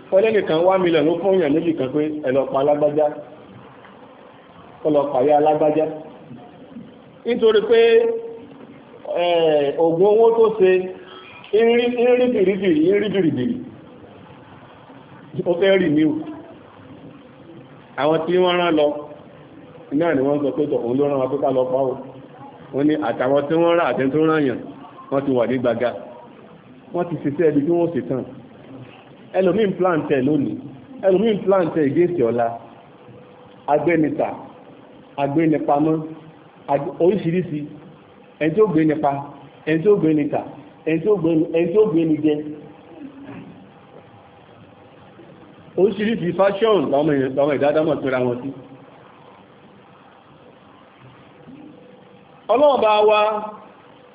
fọ́lẹ́nì kan wá mílíọ̀n ló fún èèyàn méjì kan pé ẹlọ́pàá alágbájá ọlọ́pàá Eh, ògùn owó tó ṣe ìrìbìrìbìrì ìrìbìrìbìrì ó fẹ́ rí ní àwọn tí wọ́n rán lọ náà ni wọ́n sọ pé òun ló rán afẹ́ká lọ pàwọ́ wọ́n ní àtàwọn tí wọ́n rán àtẹ́ tó rán yàn wọ́n ti wà ní gbaga wọ́n ti ṣiṣẹ́ ẹbí tí wọ́n ṣe tán ẹlòmín plant ẹ̀ lónìí ẹlòmín plant ẹ̀ gẹ́ẹ̀sì ọ̀la agbẹ́nita agbẹ́nipamọ́ oríṣiríṣi ẹni tí ó gbé nípa ẹni tí ó gbé níta ẹni tí gbé ní jẹ oríṣiríṣi fashion lọ́mọ ìdádámọ̀ pẹ́ra wọn sí ọlọ́ọ̀bá wa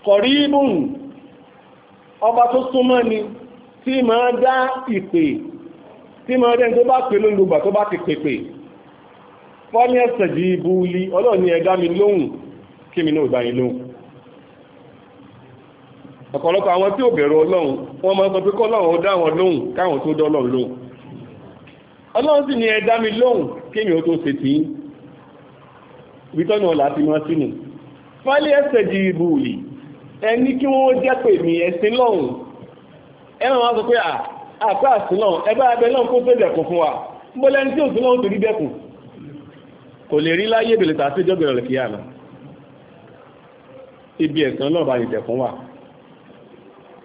kọ̀ríbùn ọba tó súnmọ́ ni tí ma dá ìpè tí ma rẹ̀ tó bá pè lórí gbogbo tó bá ti pèpè fọ́ní ẹ̀sẹ̀ jí ibú lí ọlọ́ọ̀ni ẹ̀dá mi lóhùn kí mi náà gbà yín ọ̀pọ̀lọpọ̀ àwọn tí ò bẹ̀rù ọlọ́run wọ́n máa sọ pé kọ́ ọlọ́run ó dá wọn lóhùn káwọn tó dá ọlọ́run lóhùn ọlọ́run sì ní ẹ dá mi lóhùn kémi ó tó ṣe tì í ìbítọ́nù ọ̀la ti máa sínú fálí ẹsẹ̀ di ibù yìí ẹni kí wọ́n jẹ́ pè mí ẹ̀sìn lọ́hùn ẹ máa sọ pé àpá àsìn lọ́hùn ẹ bá abẹ lọ́hùn kó tó dẹ̀kùn fún wa mo lẹ́ni tí òsìn lọ́hùn torí dẹ̀kùn kò lè rí láyé ìbèlè tàbí ìjọba ìrọ̀lẹ́ kìí àná ibi ẹ̀sìn ọlọ́ọ̀bá ìdẹ̀kùn wà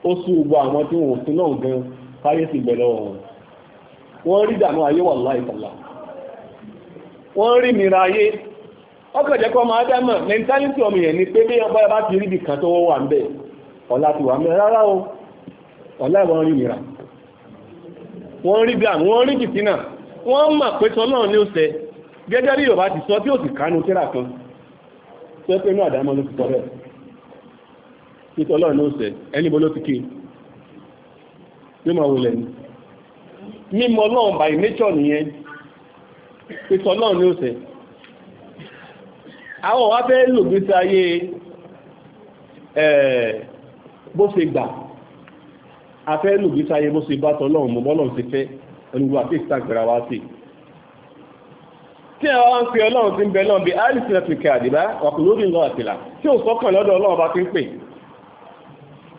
ó si ugbo àwọn tí wọn naa náà gan káyé sì bẹ̀rẹ̀ wọ́n rí dànù ayé wà wọ́n rí mìíràn ayé ọkọ̀ máa dámọ̀ yẹn ni pé bí ọba bá ti rí ibì kan tó wọ́n wà ń bẹ̀ ọ̀la ti wà ń bẹ̀ o ọ̀la ìwọ̀n rí mìíràn wọ́n rí wọ́n rí bìtínà wọ́n mọ̀ pé sọ ní ọ̀sẹ̀ gẹ́gẹ́ bí Yorùbá sọ tí sì kánú kan tó pé inú àdámọ́ títọ́ ọlọ́run ní òsẹ̀ ẹni bọ́ ló ti kí yóò máa wulẹ̀ ni mímọ̀ ọlọ́run by nature nìyẹn títọ́ ọlọ́run ní òsẹ̀ àwọn wá fẹ́ lògbésí ayé bó ṣe gbà a fẹ́ lògbésí ayé bó ṣe bá tọ́lọ́run mọ́ bọ́lọ́run ṣe fẹ́ onígbà tí ìsàgbẹ̀rẹ̀ wá sí tí ẹ wá ń pe ọlọ́run ti ń bẹ náà bí alice africa àdìbá ọkùnrin ó bí ń lọ àtìlà tí ò sọ́kàn lọ́dọ̀ ọlọ́run bá ti ń pè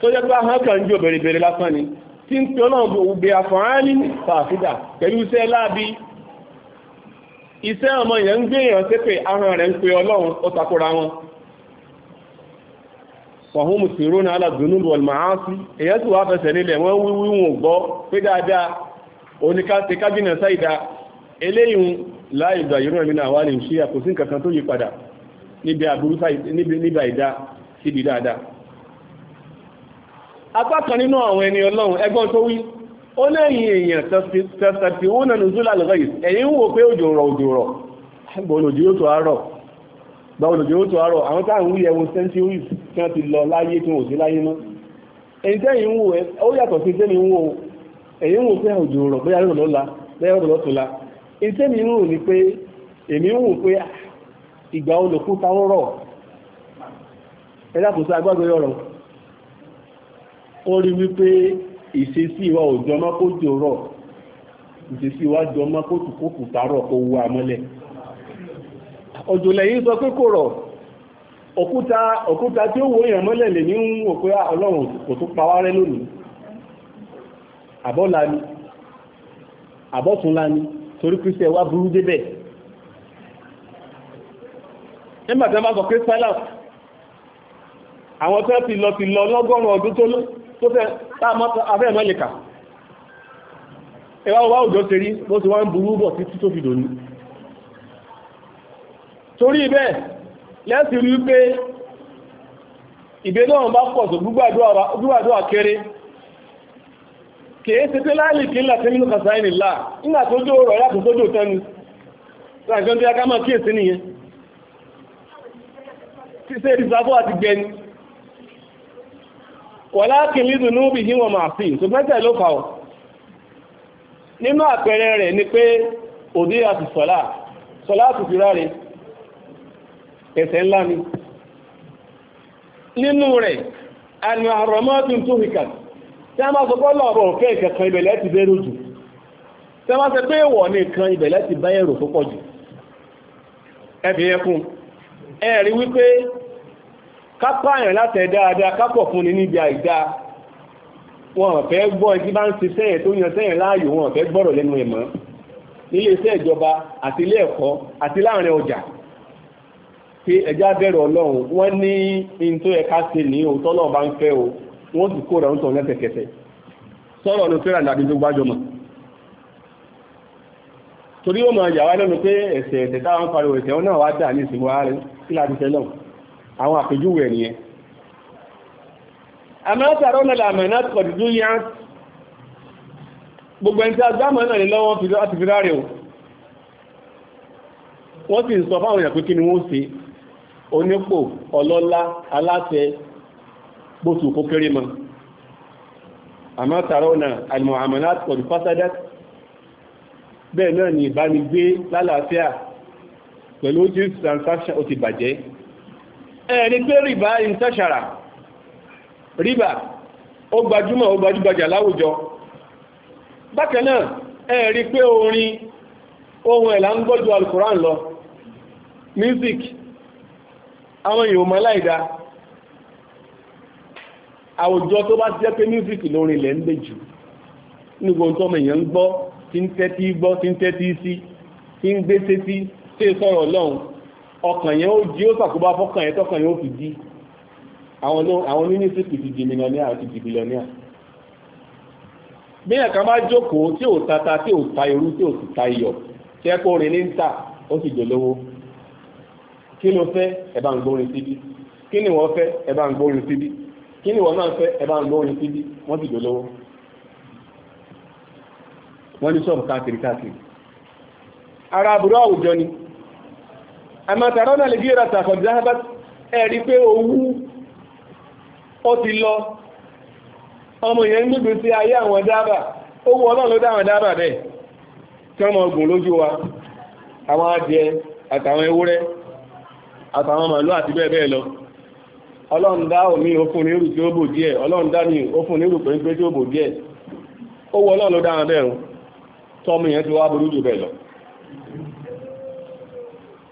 tó jẹ́ pé ahọ́n kan jò bèrèbèrè lásán ni tí ń pè ọlọ́run ògbè àfọ̀rání fàáfídà pẹ̀lú iṣẹ́ láabi iṣẹ́ ọmọ yẹn ń gbé èèyàn sépè ahọ́n rẹ̀ ń pè ọlọ́run ó takora wọn wàhún mùsùlùmí náà aládùnú wọ̀l máa sí èyàn sì wá fẹsẹ̀ nílẹ̀ wọ́n wíwí wọn gbọ́ pé dáadáa oníkàṣe kábínà sáìdá eléyìí láì ìgbà yìí rán mi náà wà ní ìṣíyà kò sí nǹkan kan tó yí padà níbi àbúrú níbi àìdá síbi dáadáa apá kan nínú àwọn ẹni ọlọ́run ẹgbọ́n tó wí ó lẹ́yìn èèyàn tẹ̀sẹ̀tì ó nà nùzúlà lọ́gọ́ yìí ẹ̀yìn ń wò pé òjò rọ̀ òjò rọ̀ gbọ́lòjì yóò tó àárọ̀ gbọ́lòjì yóò tó àárọ̀ àwọn táwọn wí ẹwọ centuries tí wọ́n ti lọ láyé tí wọ́n ò sí láyé mọ́ èyí tẹ́yìn ń wò ó yàtọ̀ sí tẹ́yìn ń wò ẹ̀yìn ń wò pé òjò rọ̀ bóyá rọ̀ lọ́la bóyá rọ̀ lọ́tọ̀la èyí tẹ́yìn ń wò ni pé èmi ń wò pé ah, ìgbà olùkú táwọn rọ̀ ẹ dákun sí agbágbé ọ̀rọ̀ ó rí wípé ìṣesí wa ò jọmọ kó jòrọ ìṣesí wa jọmọ kó tù kó kùtà rọ kó wú amọ́lẹ̀ òjòlẹ̀ yìí sọ pé kò rọ̀ òkúta òkúta tí ó wó èèyàn mọ́lẹ̀ lè ní ń wò pé ah, ọlọ́run kò tó pa wárẹ́ lónìí àbọ́la ni torí kírísẹ̀ wá burú débẹ̀ nígbàtí wọ́n bá sọ pé sálàf àwọn tó ti lọ ti lọ lọ́gọ́rùn ọdún tó lọ tó fẹ́ afẹ́ mọ́lẹ̀kà ẹwà wà òjò ṣe rí bó ti wọ́n burú bọ̀ títí tó fi dòní torí bẹ́ẹ̀ lẹ́sì rí pé ìbẹ́ náà bá pọ̀ tó gbúgbàdúwà kéré kìí ṣe pé láìlì kí ńlá tẹ́mínú kàsáìnì láà nígbà tó jó rọ̀ yàtọ̀ tó jò tẹ́nu ṣàgbọ́n bí a ká máa kíyèsí nìyẹn tí ṣe ìdìsàbọ̀ àti gbẹni wọ́láàkì lídù núbì hí wọn máa fi ṣùgbẹ́tẹ̀ ló fà ọ́ nínú àpẹẹrẹ rẹ̀ ni pé òdí àti sọ́lá sọ́lá ti fi ráre ẹ̀sẹ̀ ńlá ni nínú rẹ̀ àmì àrọ̀mọ́dún tó hìkà tí a máa sọ pọ́lọ̀ ọ̀rọ̀ òfẹ́ ìkẹ̀kan ìbẹ̀lẹ̀ ti bẹ́rù jù tí a máa sọ pé ìwọ̀ ti bá èrò kápá àyàn látẹ̀ dáadáa kápọ̀ fún ni níbi àìdá wọn fẹ́ gbọ́ ẹtí bá ń ṣe sẹ́yìn tó yan sẹ́yìn láàyò wọn fẹ́ gbọ́rọ̀ lẹ́nu ẹ̀ mọ́ nílé iṣẹ́ ìjọba àti ilé ẹ̀kọ́ àti láàrin ọjà pé ẹjá bẹ̀rẹ̀ ọlọ́run wọ́n ní in tó ẹ̀ka ṣe ní òótọ́ náà bá ń fẹ́ o wọ́n sì kó ìrọ̀rùn tàn lẹ́sẹ̀kẹsẹ̀ sọ̀rọ̀ ní fẹ́ràn àdàbí tó gbájọ mọ̀ torí ó mọ yàrá lẹ́nu pé ẹ̀sẹ̀ ẹ̀sẹ̀ táwọn pariwo ẹ̀sẹ̀ wọn náà wá dà ní ìsìnkú ara kí láti fẹ́ náà àwọn àpèjúwe ẹ̀nìyẹn àmọ́sàrọ́ náà làmàná pọ̀dùdú yá gbogbo ẹni tí a gbámọ̀ náà lọ́wọ́ láti fi ráre o wọ́n sì sọ fáwọn èèyàn pé kí ni wọ́n ṣe onípò ọlọ́lá aláṣẹ gbóṣù kó kéré mọ́ àmọ́sàrọ́ náà àìmọ̀ àmọ́ná pọ̀dù fásádá bẹ́ẹ̀ náà ni ìbánigbé lálàáfíà pẹ̀lú ojú transaction ó ti bàjẹ́ ẹni pé rìbá ìntẹ́ṣàrà rìbá ó gbajúmọ̀ ó gbajúgbajà láwùjọ bákan náà ẹ̀rí pé orin ohun ẹ̀là ń gbọ́jú alukuran lọ music àwọn èèyàn mọ́ láìdá àwùjọ tó bá jẹ́ pé music lórin ilẹ̀ ń lè jù nígbò tó ọmọ èèyàn ń gbọ́ tí ń tẹ́tí gbọ́ tí ń tẹ́tí sí tí ń gbé sétí tí ń sọ̀rọ̀ lọ́hùn ọkàn yẹn ó jí ó sàkóbá fọ́kàn yẹn tọ́kàn yẹn ó fi jí àwọn mínísítì ti di mílíọ̀nìà àti di bílíọ̀nìà bí ẹ̀ka máa jókòó tí ò tata tí ò ta irú tí ò sì ta iyọ̀ tí ẹ kó rin ní ń tà ó sì dolówó kí ló fẹ́ ẹ bá ń gbórin síbí kí ni wọ́n fẹ́ ẹ bá ń gbórin síbí kí ni wọ́n náà fẹ́ ẹ bá ń gbórin síbí wọ́n sì dolówó wọ́n ní ṣọ́ọ̀bù káàkiri káàkiri ara àbúrò àwùjọ ni àmàtàrọ́ náà lè bí ìrà ẹ̀rí pé owú ó ti lọ ọmọ yẹn gbígbé sí ayé àwọn dábà owó ọlọ́run ló dábà bẹ́ẹ̀ tí wọ́n mọ lójú wa àwọn adìẹ àtàwọn ewúrẹ́ àtàwọn àti bẹ́ẹ̀ bẹ́ẹ̀ lọ omi ó fún tí ó bò díẹ̀ ó fún pé tí ti wá burú jù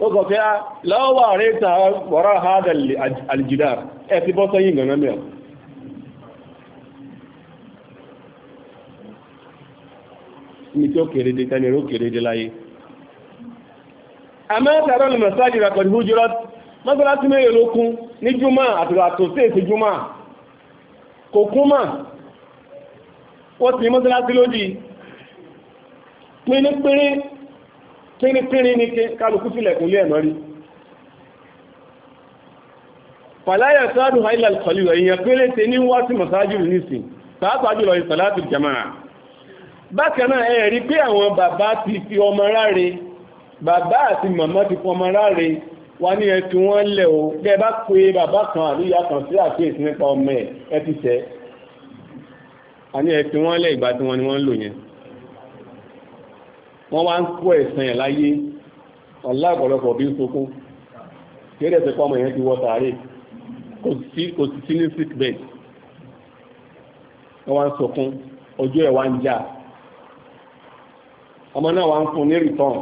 ó sọ pé ah, lọ́wọ́ ààrẹ ta wọ́rá hádà aljidá ẹ ti bọ́ sẹ́yìn gangan mẹ́rin ní tí ó kéré dé tẹ́lẹ̀ ó kéré dé láyé amẹ́tẹ̀rọ lè mẹ́sáàjì rẹ̀ pẹ̀lú hujurọ́ mọ́sálásí mẹ́rin ló kún ní júmọ́ àtòsí èsì júmọ́ kò kún mọ́ wọ́n ti mọ́sálásí lódì pínípínín pínrínpínrín ní kálukú sílẹ̀kùn lé ẹ̀mọ́ rí fàláyà sáàdù haila alkhalilu èyàn pínlẹ̀ tẹ ní wá sí masájú nìsìn pàápàá jùlọ ìsàlátù jama'a bákanáà ẹ̀ rí pé àwọn bàbá ti fi ọmọ ráre bàbá àti màmá ti fi ọmọ ráre wá ní ẹtù wọn lẹ̀ o gẹ́ bá pé bàbá kan àríyá kan sí àkíyèsí nípa ọmọ ẹ ti tẹ́ wọ́n wá ń kó ẹ̀sìn ẹ̀ láyé ọ̀lá ọ̀pọ̀lọpọ̀ bí ń sokún kéde ẹ̀sẹ̀ pọ́mọ̀ yẹn ti wọ́ sàárè kò sì sí ní sick bed wọ́n wá ń sokún ojú ẹ̀ wá ń jà ọmọ náà wá ń fún ní return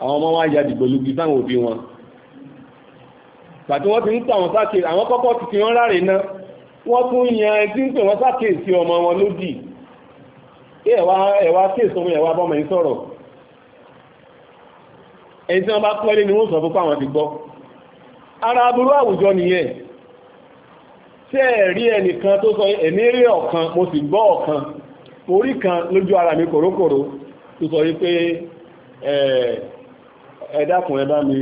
àwọn ọmọ wá ya dìgbòlugi sáwọn òbí wọn pàtí wọ́n ti ń tọ́ àwọn sákèsí àwọn kọ́kọ́ ti fi wọ́n ráre náà wọ́n tún yan ẹtí ń pè wọ́n sákèsí ọmọ wọn lódì pé ẹ̀wà kí ìsọmọ ẹ̀wà bọ́mọ yìí sọ̀rọ̀ ẹni tí wọ́n bá pẹ́lẹ́ ni wọ́n sọ fún pàwọn ti gbọ́ ara aburú àwùjọ nìyẹn tí ẹ rí ẹnìkan tó sọ ẹ̀mí rí ọ̀kan mo sì gbọ́ ọ̀kan mo rí kan lójú ara mi kòrókòró tó sọ wípé ẹ bá mi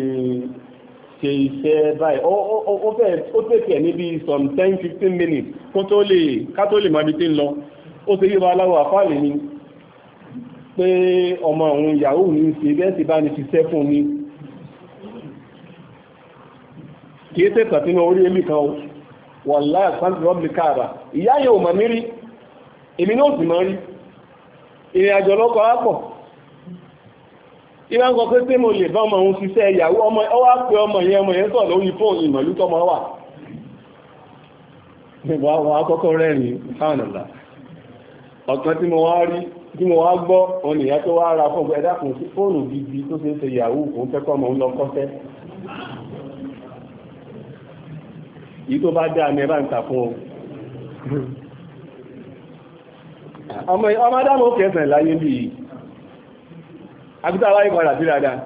ṣe iṣẹ́ báyìí ó tẹ̀kẹ̀ níbi some ten fifteen minutes kó tó lè ká tó lè mọ ibi tí ń lọ ó ti yíba aláwọ̀ àfáàlì ni pé ọmọ òun ìyàwó ní ṣe bẹ́ẹ̀ sì bá ní ṣiṣẹ́ fún mi kìí tẹ̀tà sínú orí èmi kan o wà láyà sáńtì rọ́bì káàrà ìyá yẹn ò mọ̀ mí rí èmi náà sì mọ̀ rí ìrìn àjò ọlọ́kọ̀ á pọ̀ ìwọ́n kọ́ pé pé mo lè bá ọmọ òun ṣiṣẹ́ ìyàwó ọmọ ọwá pé ọmọ yẹn ọmọ yẹn sọ̀rọ̀ lórí fóònù ìmọ̀lú tọmọ wà nígbà àwọn akọ́kọ́ rẹ̀ ní sáànàlá ọ̀kan tí mo wá rí tí mo wá gbọ́ òun nìyẹn tó wá ra fóònù ẹ̀dá kùn sí fóònù gidi tó ṣe ń ṣe yahoo òun fẹ́ kọ́ ọmọ òun lọ kọ́ṣẹ́ yìí tó bá dá àmì ẹ̀bá ń ta fún o ọmọ adámọ̀ òkè ẹ̀sẹ̀ láyé bí i agbítàwáyé padà sí dáadáa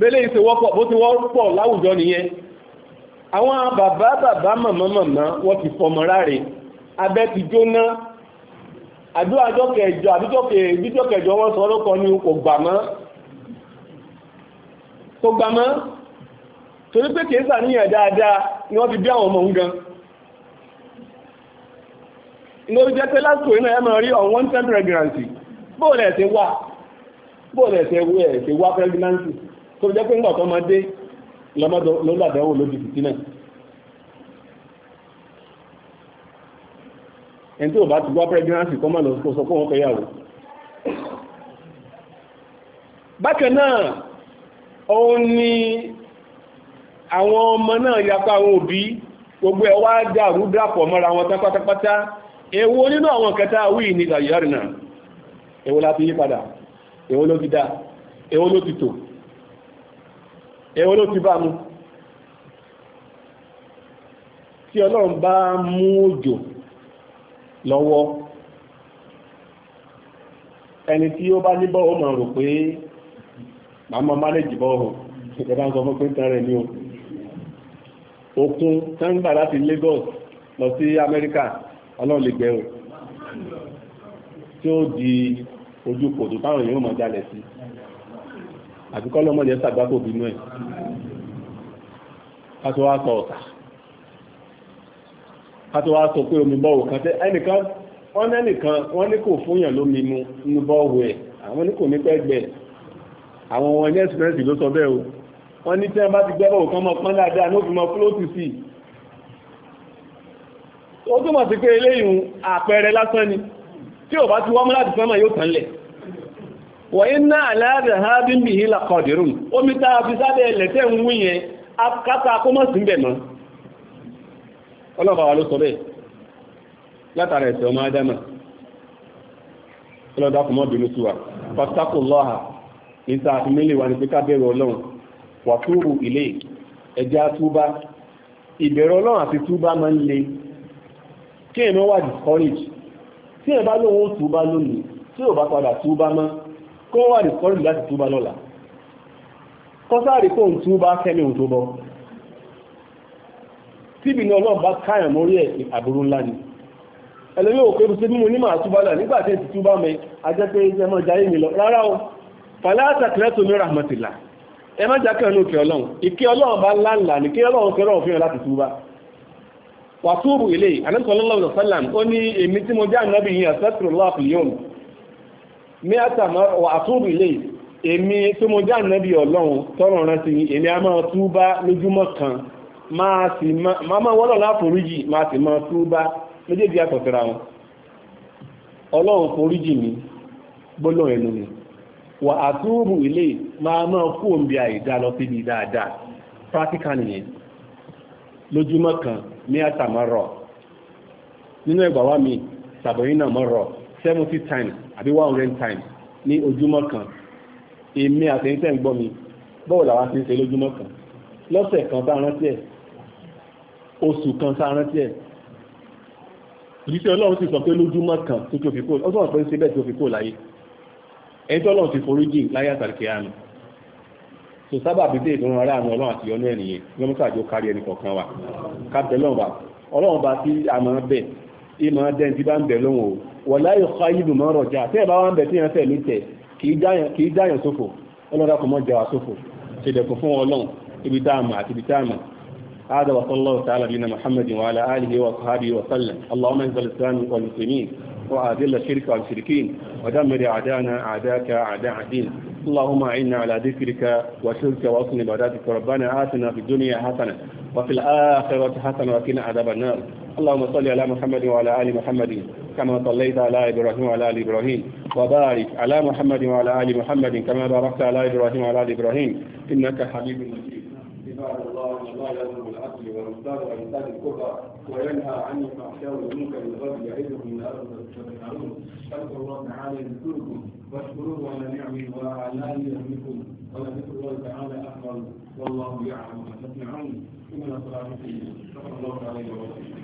bẹ́lẹ̀ ìṣe wọ́pọ̀ bó ti wọ́pọ̀ láwùjọ nìyẹn àwọn bàbá bàbá màmá màmá wọ́n ti fọmọ ráre abẹ́ ti jóná àdúrà jọ́kẹ̀ẹ́jọ àbíjọ́kẹ̀ẹ́jọ wọ́n sọ lókọ ní kò gbà mọ́ kò gbà mọ́ torí pé kìí sàníyàn dáadáa ni wọ́n ti bí àwọn ọmọ ń lórí jẹ́ pé lásìkò iná ẹmọ rí bóòlẹ̀ ẹni tí ò bá ti gbọ́ pregnancy kọ́ mọ̀ lọ sọ pé wọ́n fẹ́ yàwó bákan náà òun ni àwọn ọmọ náà yapa àwọn òbí gbogbo ẹ̀ wá dàrú dàpọ̀ mọ́ra wọn tán pátápátá èwo nínú àwọn kẹta wíì ní ìdàyọ́rìnà èwo láti yí padà èwo ló ti dá èwo ló ti tò èwo ló ti bá mu tí ọlọ́run bá mú òjò lọ́wọ́ ẹni tí ó bá ní ó rò pé bọ́ ìjọba ń sọ fún pé ní o tán gbà láti Lagos lọ sí Amẹ́ríkà ọlọ́run lè gbẹ̀rù tí ó di ojú kòtò táwọn èèyàn mọ̀ jalè sí àbíkọ́ lọ́mọdé sàgbákò bínú ẹ̀ kátó wá sọ pé omi bọ́ọ̀wù kan tẹ́ ẹnìkan wọ́n nẹ́nìkan wọ́n ní kò fúnyàn lómi mu nínú bọ́ọ̀wù ẹ̀ àwọn ní kò ní pẹ́ gbẹ̀ àwọn wọn ní ẹ̀sìpẹ́sì ló sọ bẹ́ẹ̀ o wọ́n ní tí wọ́n bá ti gbẹ́ bọ́ọ̀wù kan mọ́ pọ́n dáadáa ní òfin mọ́ fúlóòtù sí i ó túmọ̀ sí pé eléyìí àpẹẹrẹ lásán ni tí ò bá ti wọ́n mú láti sánmà yóò tán lẹ̀ wọ̀ iná àlàáfíà ha bí ń bì í omi tá a fi sábẹ́ ẹlẹ́tẹ̀ ń wú yẹn kátà kó mọ̀ bẹ̀ náà ọlọ́pàá wà ló sọ bẹ́ẹ̀ látara ẹ̀ṣẹ̀ ọmọ adama ọlọ́dà bínú sí wa fastaqullaha níta àti mílẹ̀ ní pé ká ọlọ́run wà túrù ilé ọlọ́run àti túbá ń le kí èèyàn wà discourage tí èèyàn bá tíbi ní ọlọ́run bá káyàn mórí ẹ̀ àbúrú ńlá ni ẹlẹ́yìn òkè tó mímú ní màá túbálà nígbà tí ti túbá mi ajẹ́ pé ẹ mọ́ jayé mi lọ rárá o fàlàtà kìrẹ́tò mi rahmatila ẹ má jákẹ́ ọ̀nà òkè ọlọ́run ìké ọlọ́run bá ńláńlá ní kí ọlọ́run fẹ́ràn òfin láti túbá wà túbù ilé anẹ́sọ̀lọ́lọ́ sálàm ó ní èmi tí mo jẹ́ ànábì yìí àṣẹ́sìrì èmi tí mo jẹ́ ànábì ọlọ́run tọ́rọ̀ rántí èmi a máa túbá lójúmọ́ kan máa sì máa wọ́lọ̀ láforíjì máa sì máa túbá méjèèjì àtọ̀tẹ̀ra wọn ọlọ́run foríjì mi gbọ́lọ̀ ẹnu mi wà àtúrù ilé máa máa kú òmìnbí àìdá lọ síbi dáadáa practical ni lójúmọ́ kan ní àtàmọ́rọ̀ nínú ẹgbà wá mi sàbẹ̀yìnà mọ́rọ̀ 70 times àbí 100 times ní ojúmọ́ kan èmi àtẹ̀yìntẹ̀ ń gbọ́ mi bọ́ọ̀lù àwọn àti ń ṣe lọ́sẹ̀ kan bá rántí ẹ̀ oṣù kan sárántí ẹ̀ ìdíṣẹ́ ọlọ́run sì sọ pé lójúmọ́ kan tó tó fi kó ọsọ́ pé ṣe bẹ́ẹ̀ tó fi kó láyé ẹni tó lọ́run ti foríjì láyé àtàkì àmì tó sábà bí dé ìdúró ara àwọn ọlọ́run àti ọ̀nà ẹ̀nìyẹn ní ọmọ sáàjọ kárí ẹnì kọ̀ọ̀kan wa kábẹ̀ lọ́run bá ọlọ́run bá tí a máa bẹ̀ ìmọ̀ dẹ́n ti bá ń bẹ̀ lóhùn o wọ̀ láyé ọkọ̀ ayélu mọ́ ọ̀rọ̀ jà tẹ́ ẹ̀ bá wá ń bẹ̀ tí yẹn fẹ̀ mí tẹ̀ kì í dáyàn sófò ọlọ́run kò mọ́ jà wá sófò ṣèdẹ̀kùn fún ọlọ́run ibi tá a mọ̀ àti ibi tá a mọ̀ هذا وصلى الله تعالى بنا محمد وعلى آله وأصحابه وسلم اللهم انزل الإسلام والمسلمين وأذل الشرك والمشركين ودمر أعدانا أعداك أعداء الدين اللهم أعنا على ذكرك وشرك وأصل عبادتك ربنا آتنا في الدنيا حسنة وفي الآخرة حسنة وقنا عذاب النار اللهم صل على محمد وعلى آل محمد كما صليت على إبراهيم وعلى آل إبراهيم وبارك على محمد وعلى آل محمد كما باركت على إبراهيم وعلى آل إبراهيم إنك حميد مجيد إن الله يظلم العدل والإحسان وإيتاء القربى وينهى عن الفحشاء والمنكر والبغي يعظكم لعلكم فاذكروا الله تعالى يذكركم واشكروه على نعمه وعلى يهديكم ولذكر الله تعالى افضل والله يعلم ما تصنعون إن صلاتكم الله عليه وسلم